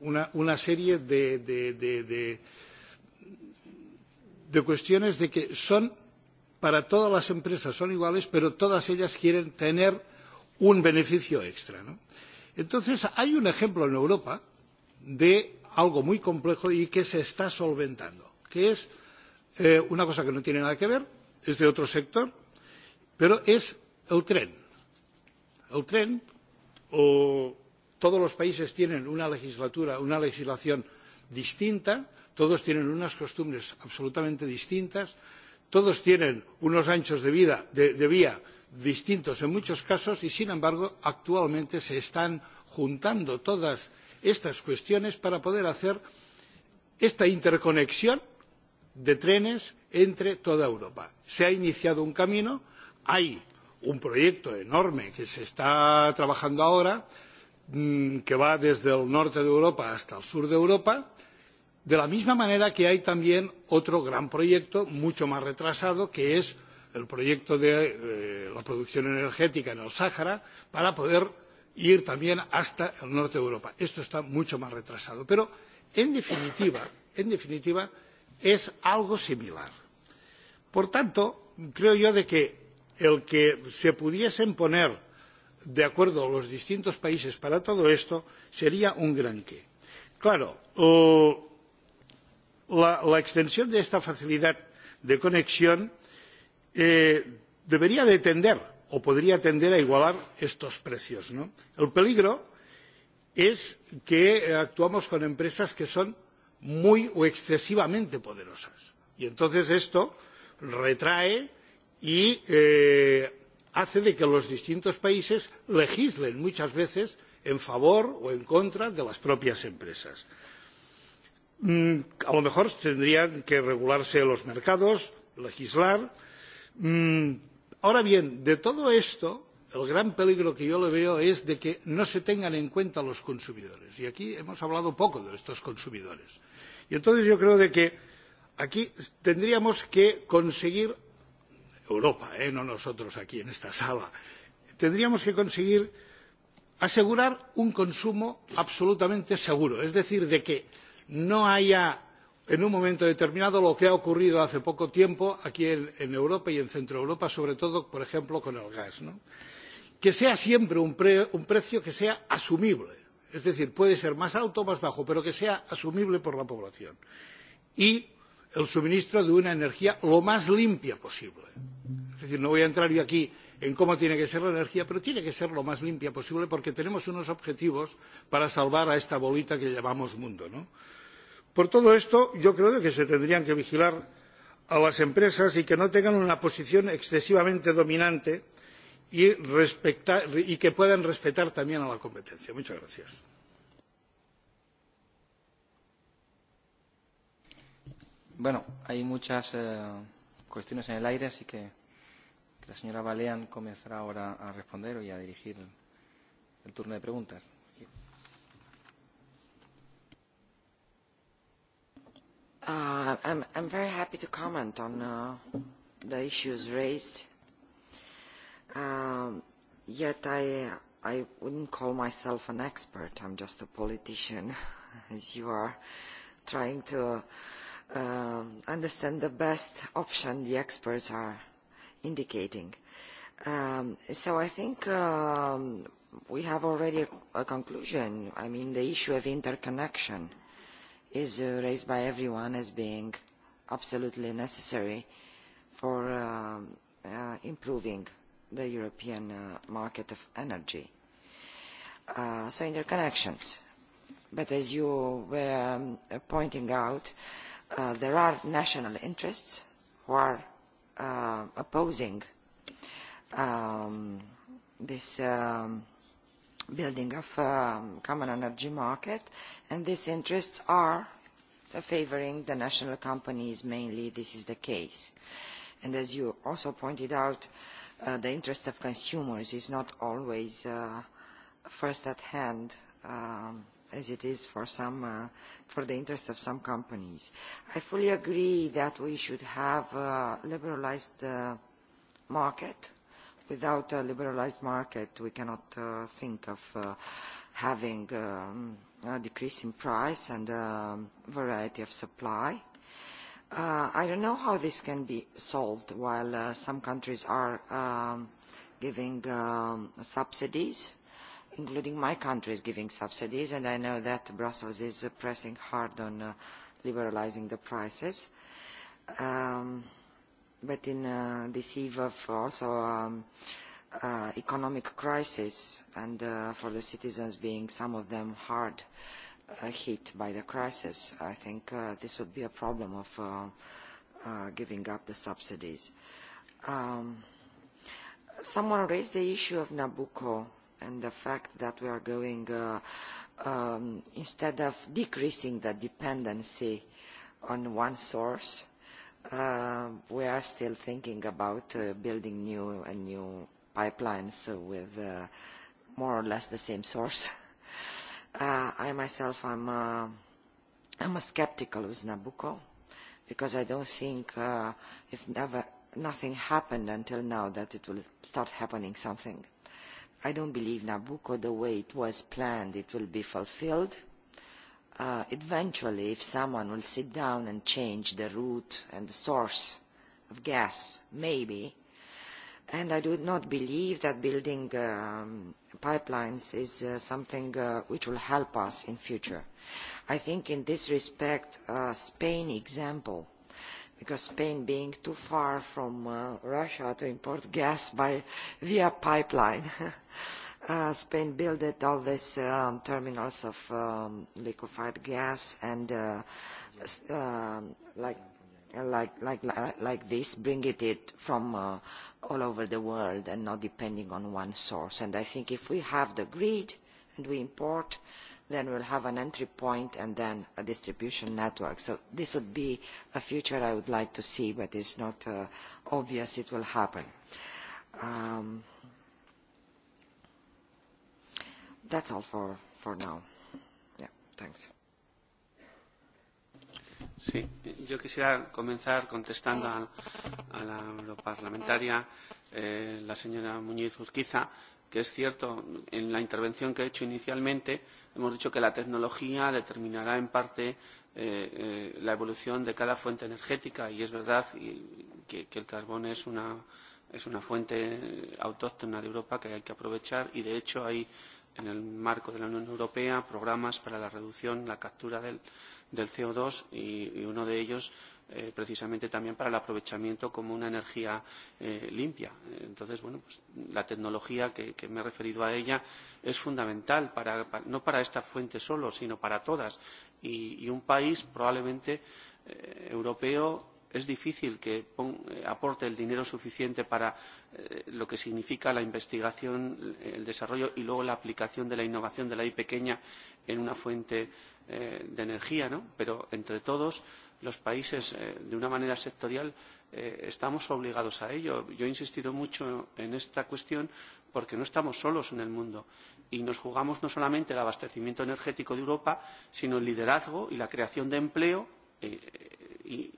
una, una serie de, de, de, de, de cuestiones de que son para todas las empresas son iguales, pero todas ellas quieren tener un beneficio extra. ¿no? Entonces, hay un ejemplo en Europa de algo muy complejo y que se está solventando, que es eh, una cosa que no tiene nada que ver, es de otro sector, pero es el tren. El tren, o todos los países tienen una legislatura, una legislación distinta, todos tienen unas costumbres absolutamente distintas, Todos tienen unos anchos de, vida, de, de vía distintos en muchos casos y, sin embargo, actualmente se están juntando todas estas cuestiones para poder hacer esta interconexión de trenes entre toda Europa. Se ha iniciado un camino, hay un proyecto enorme que se está trabajando ahora, mm, que va desde el norte de Europa hasta el sur de Europa, De la misma manera que hay también otro gran proyecto, mucho más retrasado, que es el proyecto de eh, la producción energética en el Sáhara, para poder ir también hasta el norte de Europa. Esto está mucho más retrasado. Pero, en definitiva, en definitiva es algo similar. Por tanto, creo yo de que el que se pudiesen poner de acuerdo los distintos países para todo esto sería un gran qué. Claro, eh, la, la extensión de esta facilidad de conexión eh, debería de tender o podría tender a igualar estos precios. ¿no? El peligro es que actuamos con empresas que son muy o excesivamente poderosas. Y entonces esto retrae y eh, hace de que los distintos países legislen muchas veces en favor o en contra de las propias empresas. Mm, a lo mejor tendrían que regularse los mercados, legislar. Mm, ahora bien, de todo esto, el gran peligro que yo le veo es de que no se tengan en cuenta los consumidores. Y aquí hemos hablado poco de estos consumidores. Y entonces yo creo de que aquí tendríamos que conseguir, Europa, eh, no nosotros aquí en esta sala, tendríamos que conseguir asegurar un consumo absolutamente seguro. Es decir, de que no haya en un momento determinado lo que ha ocurrido hace poco tiempo aquí en, en Europa y en Centro Europa, sobre todo, por ejemplo, con el gas. ¿no? Que sea siempre un, pre, un precio que sea asumible. Es decir, puede ser más alto o más bajo, pero que sea asumible por la población. Y el suministro de una energía lo más limpia posible. Es decir, no voy a entrar yo aquí en cómo tiene que ser la energía, pero tiene que ser lo más limpia posible porque tenemos unos objetivos para salvar a esta bolita que llamamos mundo. ¿no? Por todo esto, yo creo que se tendrían que vigilar a las empresas y que no tengan una posición excesivamente dominante y, respetar, y que puedan respetar también a la competencia. Muchas gracias. Bueno, hay muchas eh, cuestiones en el aire, así que que la señora Balean comenzará ahora a responder y a dirigir el turno de preguntas. Uh, I'm, I'm very happy to comment on uh, the issues raised. Um, yet I, I wouldn't call myself an expert. I'm just a politician, [laughs] as you are, trying to uh, understand the best option the experts are indicating. Um, so I think um, we have already a, a conclusion. I mean, the issue of interconnection is uh, raised by everyone as being absolutely necessary for um, uh, improving the European uh, market of energy. Uh, so interconnections. But as you were um, pointing out, uh, there are national interests who are uh, opposing um, this um, building of um, common energy market, and these interests are favoring the national companies mainly. This is the case. And as you also pointed out, uh, the interest of consumers is not always uh, first at hand um, as it is for, some, uh, for the interest of some companies. I fully agree that we should have a liberalized uh, market. Without a liberalized market, we cannot uh, think of uh, having um, a decrease in price and a variety of supply. Uh, I don't know how this can be solved while uh, some countries are um, giving um, subsidies including my country, is giving subsidies, and I know that Brussels is uh, pressing hard on uh, liberalizing the prices. Um, but in uh, this eve of also um, uh, economic crisis and uh, for the citizens being some of them hard uh, hit by the crisis, I think uh, this would be a problem of uh, uh, giving up the subsidies. Um, someone raised the issue of Nabucco and the fact that we are going, uh, um, instead of decreasing the dependency on one source, uh, we are still thinking about uh, building new and new pipelines uh, with uh, more or less the same source. [laughs] Uh, I myself, I'm, a, uh, I'm a skeptical with Nabucco because I don't think uh, if never, nothing happened until now that it will start happening something I don't believe Nabucco, the way it was planned, it will be fulfilled. Uh, eventually, if someone will sit down and change the route and the source of gas, maybe. And I do not believe that building um, pipelines is uh, something uh, which will help us in future. I think in this respect, uh, Spain example because Spain being too far from uh, Russia to import gas by, via pipeline. [laughs] uh, Spain built all these um, terminals of um, liquefied gas and uh, uh, like, like, like, like this, bring it, it from uh, all over the world and not depending on one source. And I think if we have the grid and we import, uh, then we'll have an entry point and then a distribution network. So this would be a future I would like to see, but it's not uh, obvious it will happen. Um, that's all for, for now. Yeah, thanks. Sí, yo quisiera comenzar contestando a, a la europarlamentaria, eh, la señora Muñiz Urquiza que es cierto, en la intervención que he hecho inicialmente, hemos dicho que la tecnología determinará en parte eh, eh, la evolución de cada fuente energética y es verdad y, que, que el carbón es una, es una fuente autóctona de Europa que hay que aprovechar y de hecho hay en el marco de la Unión Europea programas para la reducción, la captura del, del CO2 y, y uno de ellos eh, precisamente también para el aprovechamiento como una energía eh, limpia. Entonces, bueno, pues la tecnología que, que me he referido a ella es fundamental, para, para, no para esta fuente solo, sino para todas. Y, y un país probablemente eh, europeo es difícil que eh, aporte el dinero suficiente para eh, lo que significa la investigación, el desarrollo y luego la aplicación de la innovación de la I pequeña en una fuente eh, de energía, ¿no? Pero entre todos los países, de una manera sectorial, estamos obligados a ello. Yo he insistido mucho en esta cuestión porque no estamos solos en el mundo y nos jugamos no solamente el abastecimiento energético de Europa, sino el liderazgo y la creación de empleo y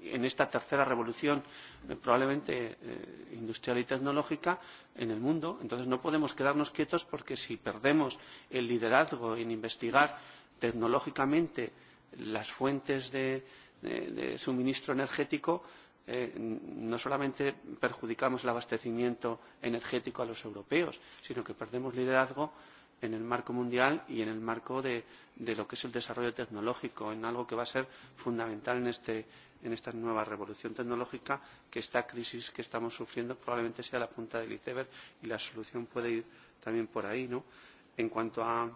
en esta tercera revolución eh, probablemente eh, industrial y tecnológica en el mundo. Entonces no podemos quedarnos quietos porque si perdemos el liderazgo en investigar tecnológicamente las fuentes de, de, de suministro energético, eh, no solamente perjudicamos el abastecimiento energético a los europeos, sino que perdemos liderazgo en el marco mundial y en el marco de, de lo que es el desarrollo tecnológico, en algo que va a ser fundamental en este, en esta nueva revolución tecnológica, que esta crisis que estamos sufriendo probablemente sea la punta del iceberg y la solución puede ir también por ahí. ¿no? En cuanto a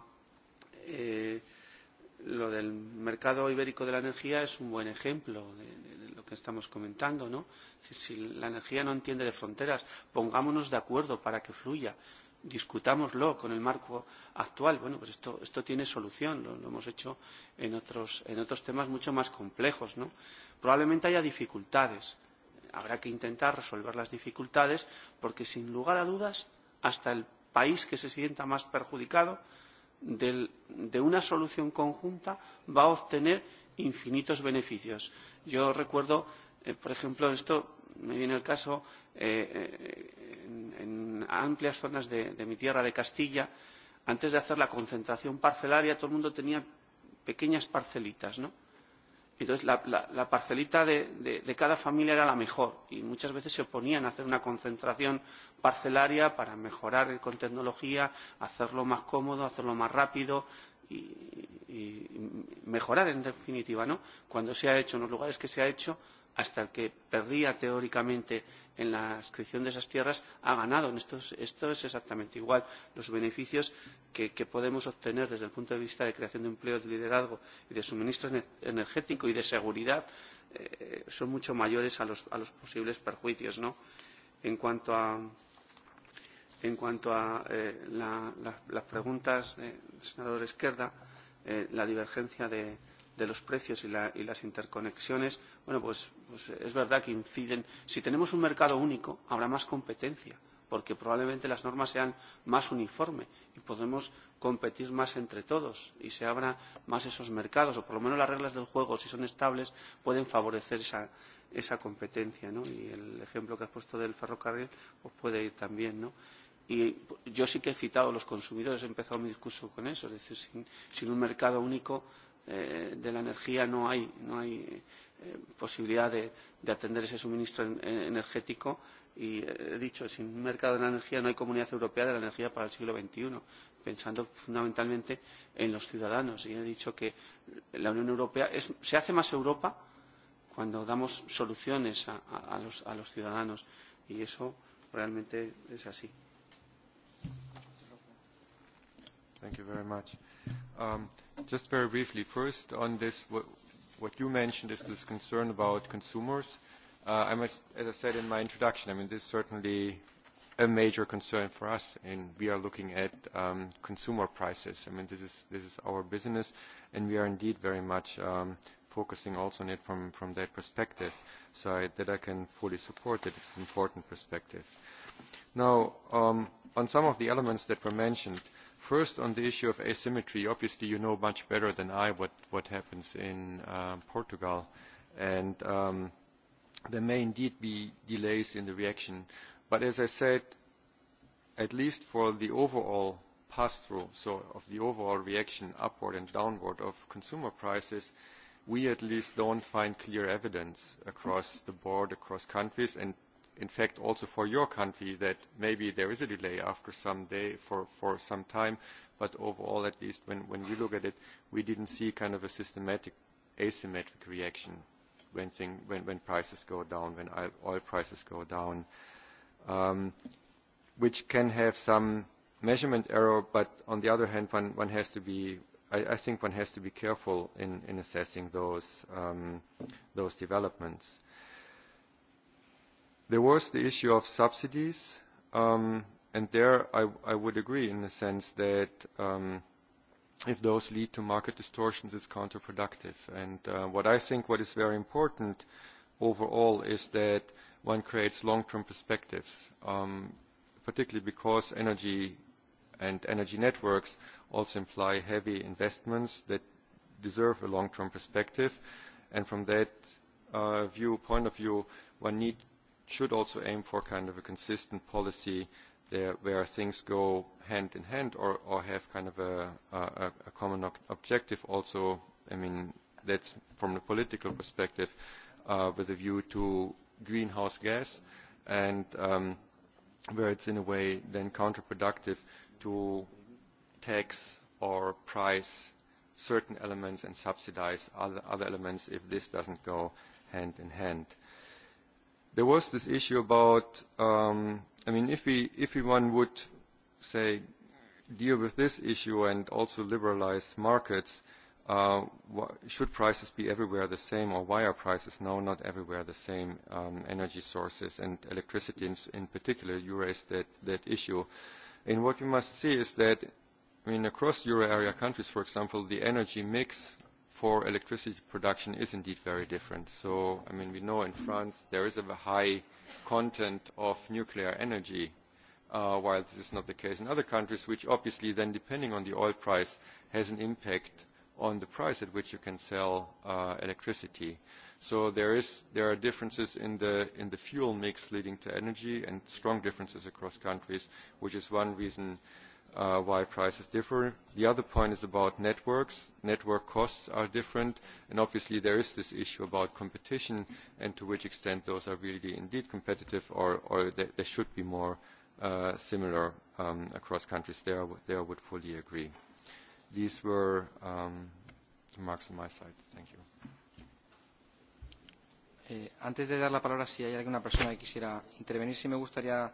eh, lo del mercado ibérico de la energía es un buen ejemplo de, de, de lo que estamos comentando. ¿no? Si, si la energía no entiende de fronteras, pongámonos de acuerdo para que fluya discutámoslo con el marco actual. Bueno, pues esto, esto tiene solución, lo, lo hemos hecho en otros, en otros temas mucho más complejos, ¿no? probablemente haya dificultades. Habrá que intentar resolver las dificultades porque, sin lugar a dudas, hasta el país que se sienta más perjudicado del, de una solución conjunta va a obtener infinitos beneficios. Yo recuerdo, eh, por ejemplo, esto me viene el caso eh, eh en, en amplias zonas de, de mi tierra, de Castilla, antes de hacer la concentración parcelaria, todo el mundo tenía pequeñas parcelitas, ¿no? Entonces, la, la, la parcelita de, de, de cada familia era la mejor y muchas veces se oponían a hacer una concentración parcelaria para mejorar con tecnología, hacerlo más cómodo, hacerlo más rápido y, y mejorar en definitiva, ¿no? Cuando se ha hecho en los lugares que se ha hecho, hasta el que perdía teóricamente en la adscripción de esas tierras, ha ganado. En esto, es, esto es exactamente igual. Los beneficios que, que podemos obtener desde el punto de vista de creación de empleo, de liderazgo y de suministro energético y de seguridad eh, son mucho mayores a los, a los posibles perjuicios. ¿no? En cuanto a, en cuanto a eh, la, la, las preguntas del senador Esquerda, eh, la divergencia de de los precios y, la, y las interconexiones, bueno, pues, pues es verdad que inciden. Si tenemos un mercado único, habrá más competencia, porque probablemente las normas sean más uniformes y podemos competir más entre todos y se abran más esos mercados, o por lo menos las reglas del juego, si son estables, pueden favorecer esa, esa competencia. ¿no? Y el ejemplo que has puesto del ferrocarril pues puede ir también. ¿no? Y yo sí que he citado a los consumidores, he empezado mi discurso con eso, es decir, sin, sin un mercado único Eh, de la energía no hay, no hay eh, posibilidad de, de atender ese suministro energético y eh, he dicho, sin mercado de la energía no hay comunidad europea de la energía para el siglo XXI, pensando fundamentalmente en los ciudadanos. Y he dicho que la Unión Europea es, se hace más Europa cuando damos soluciones a, a, a, los, a los ciudadanos y eso realmente es así. Thank you very much. Um, Just very briefly, first on this, what, what you mentioned is this concern about consumers. Uh, I must, as I said in my introduction, I mean, this is certainly a major concern for us, and we are looking at um, consumer prices. I mean, this is, this is our business, and we are indeed very much um, focusing also on it from, from that perspective, so I, that I can fully support it. It's an important perspective. Now, um, on some of the elements that were mentioned, First, on the issue of asymmetry, obviously you know much better than I what, what happens in uh, Portugal. And um, there may indeed be delays in the reaction. But as I said, at least for the overall pass-through, so of the overall reaction upward and downward of consumer prices, we at least don't find clear evidence across the board, across countries, and in fact also for your country that maybe there is a delay after some day for, for some time, but overall at least when, when we look at it, we didn't see kind of a systematic asymmetric reaction when, thing, when, when prices go down, when oil prices go down, um, which can have some measurement error, but on the other hand, one, one has to be I, I think one has to be careful in, in assessing those, um, those developments. There was the issue of subsidies, um, and there I, I would agree in the sense that um, if those lead to market distortions, it's counterproductive. And uh, what I think what is very important overall is that one creates long-term perspectives, um, particularly because energy and energy networks also imply heavy investments that deserve a long-term perspective. And from that uh, view, point of view, one need should also aim for kind of a consistent policy there where things go hand in hand or, or have kind of a, a, a common objective also, I mean, that's from the political perspective uh, with a view to greenhouse gas and um, where it's in a way then counterproductive to tax or price certain elements and subsidize other, other elements if this doesn't go hand in hand there was this issue about, um, I mean, if we, if we one would, say, deal with this issue and also liberalize markets, uh, should prices be everywhere the same or why are prices now not everywhere the same um, energy sources and electricity in, in particular, you raised that, that issue. And what we must see is that, I mean, across euro area countries, for example, the energy mix for electricity production is indeed very different. So, I mean, we know in France there is a high content of nuclear energy, uh, while this is not the case in other countries, which obviously then, depending on the oil price, has an impact on the price at which you can sell uh, electricity. So there, is, there are differences in the, in the fuel mix leading to energy and strong differences across countries, which is one reason uh, why prices differ. The other point is about networks. Network costs are different, and obviously there is this issue about competition and to which extent those are really indeed competitive or, or they, they should be more uh, similar um, across countries. There, there I would fully agree. These were um, remarks on my side. Thank you. Eh, antes de dar la palabra, si hay alguna persona que quisiera intervenir, si me gustaría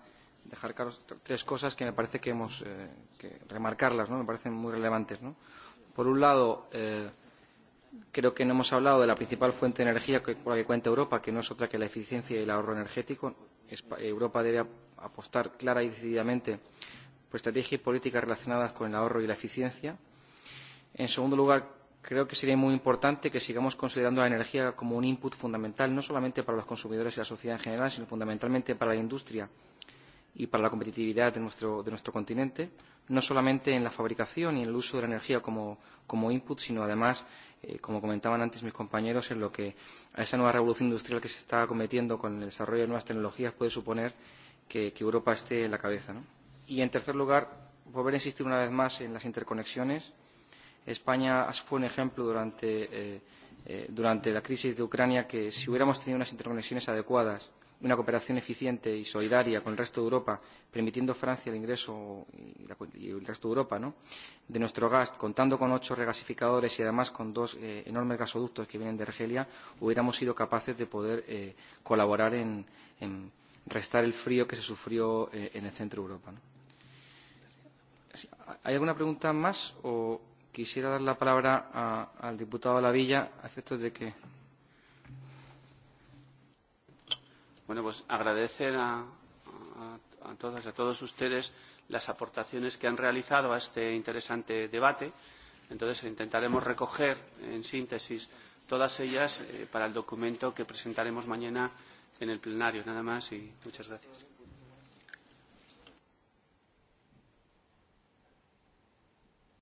dejar claros tres cosas que me parece que hemos eh, que remarcarlas, ¿no? me parecen muy relevantes. ¿no? Por un lado, eh, creo que no hemos hablado de la principal fuente de energía con la que cuenta Europa, que no es otra que la eficiencia y el ahorro energético. Europa debe apostar clara y decididamente por estrategias y políticas relacionadas con el ahorro y la eficiencia. En segundo lugar, creo que sería muy importante que sigamos considerando la energía como un input fundamental, no solamente para los consumidores y la sociedad en general, sino fundamentalmente para la industria y para la competitividad de nuestro, de nuestro continente, no solamente en la fabricación y en el uso de la energía como, como input, sino además, eh, como comentaban antes mis compañeros, en lo que a esa nueva revolución industrial que se está cometiendo con el desarrollo de nuevas tecnologías puede suponer que, que Europa esté en la cabeza. ¿no? Y en tercer lugar, volver a insistir una vez más en las interconexiones. España fue un ejemplo durante, eh, eh, durante la crisis de Ucrania que si hubiéramos tenido unas interconexiones adecuadas una cooperación eficiente y solidaria con el resto de Europa, permitiendo a Francia el ingreso y, la, y el resto de Europa ¿no? de nuestro gas, contando con ocho regasificadores y además con dos eh, enormes gasoductos que vienen de Argelia, hubiéramos sido capaces de poder eh, colaborar en, en restar el frío que se sufrió eh, en el centro de Europa. ¿no? ¿Hay alguna pregunta más o quisiera dar la palabra a, al diputado Lavilla a efectos de que... Bueno, pues agradecer a, a, a todas y a todos ustedes las aportaciones que han realizado a este interesante debate. Entonces intentaremos recoger en síntesis todas ellas eh, para el documento que presentaremos mañana en el plenario. Nada más y muchas gracias.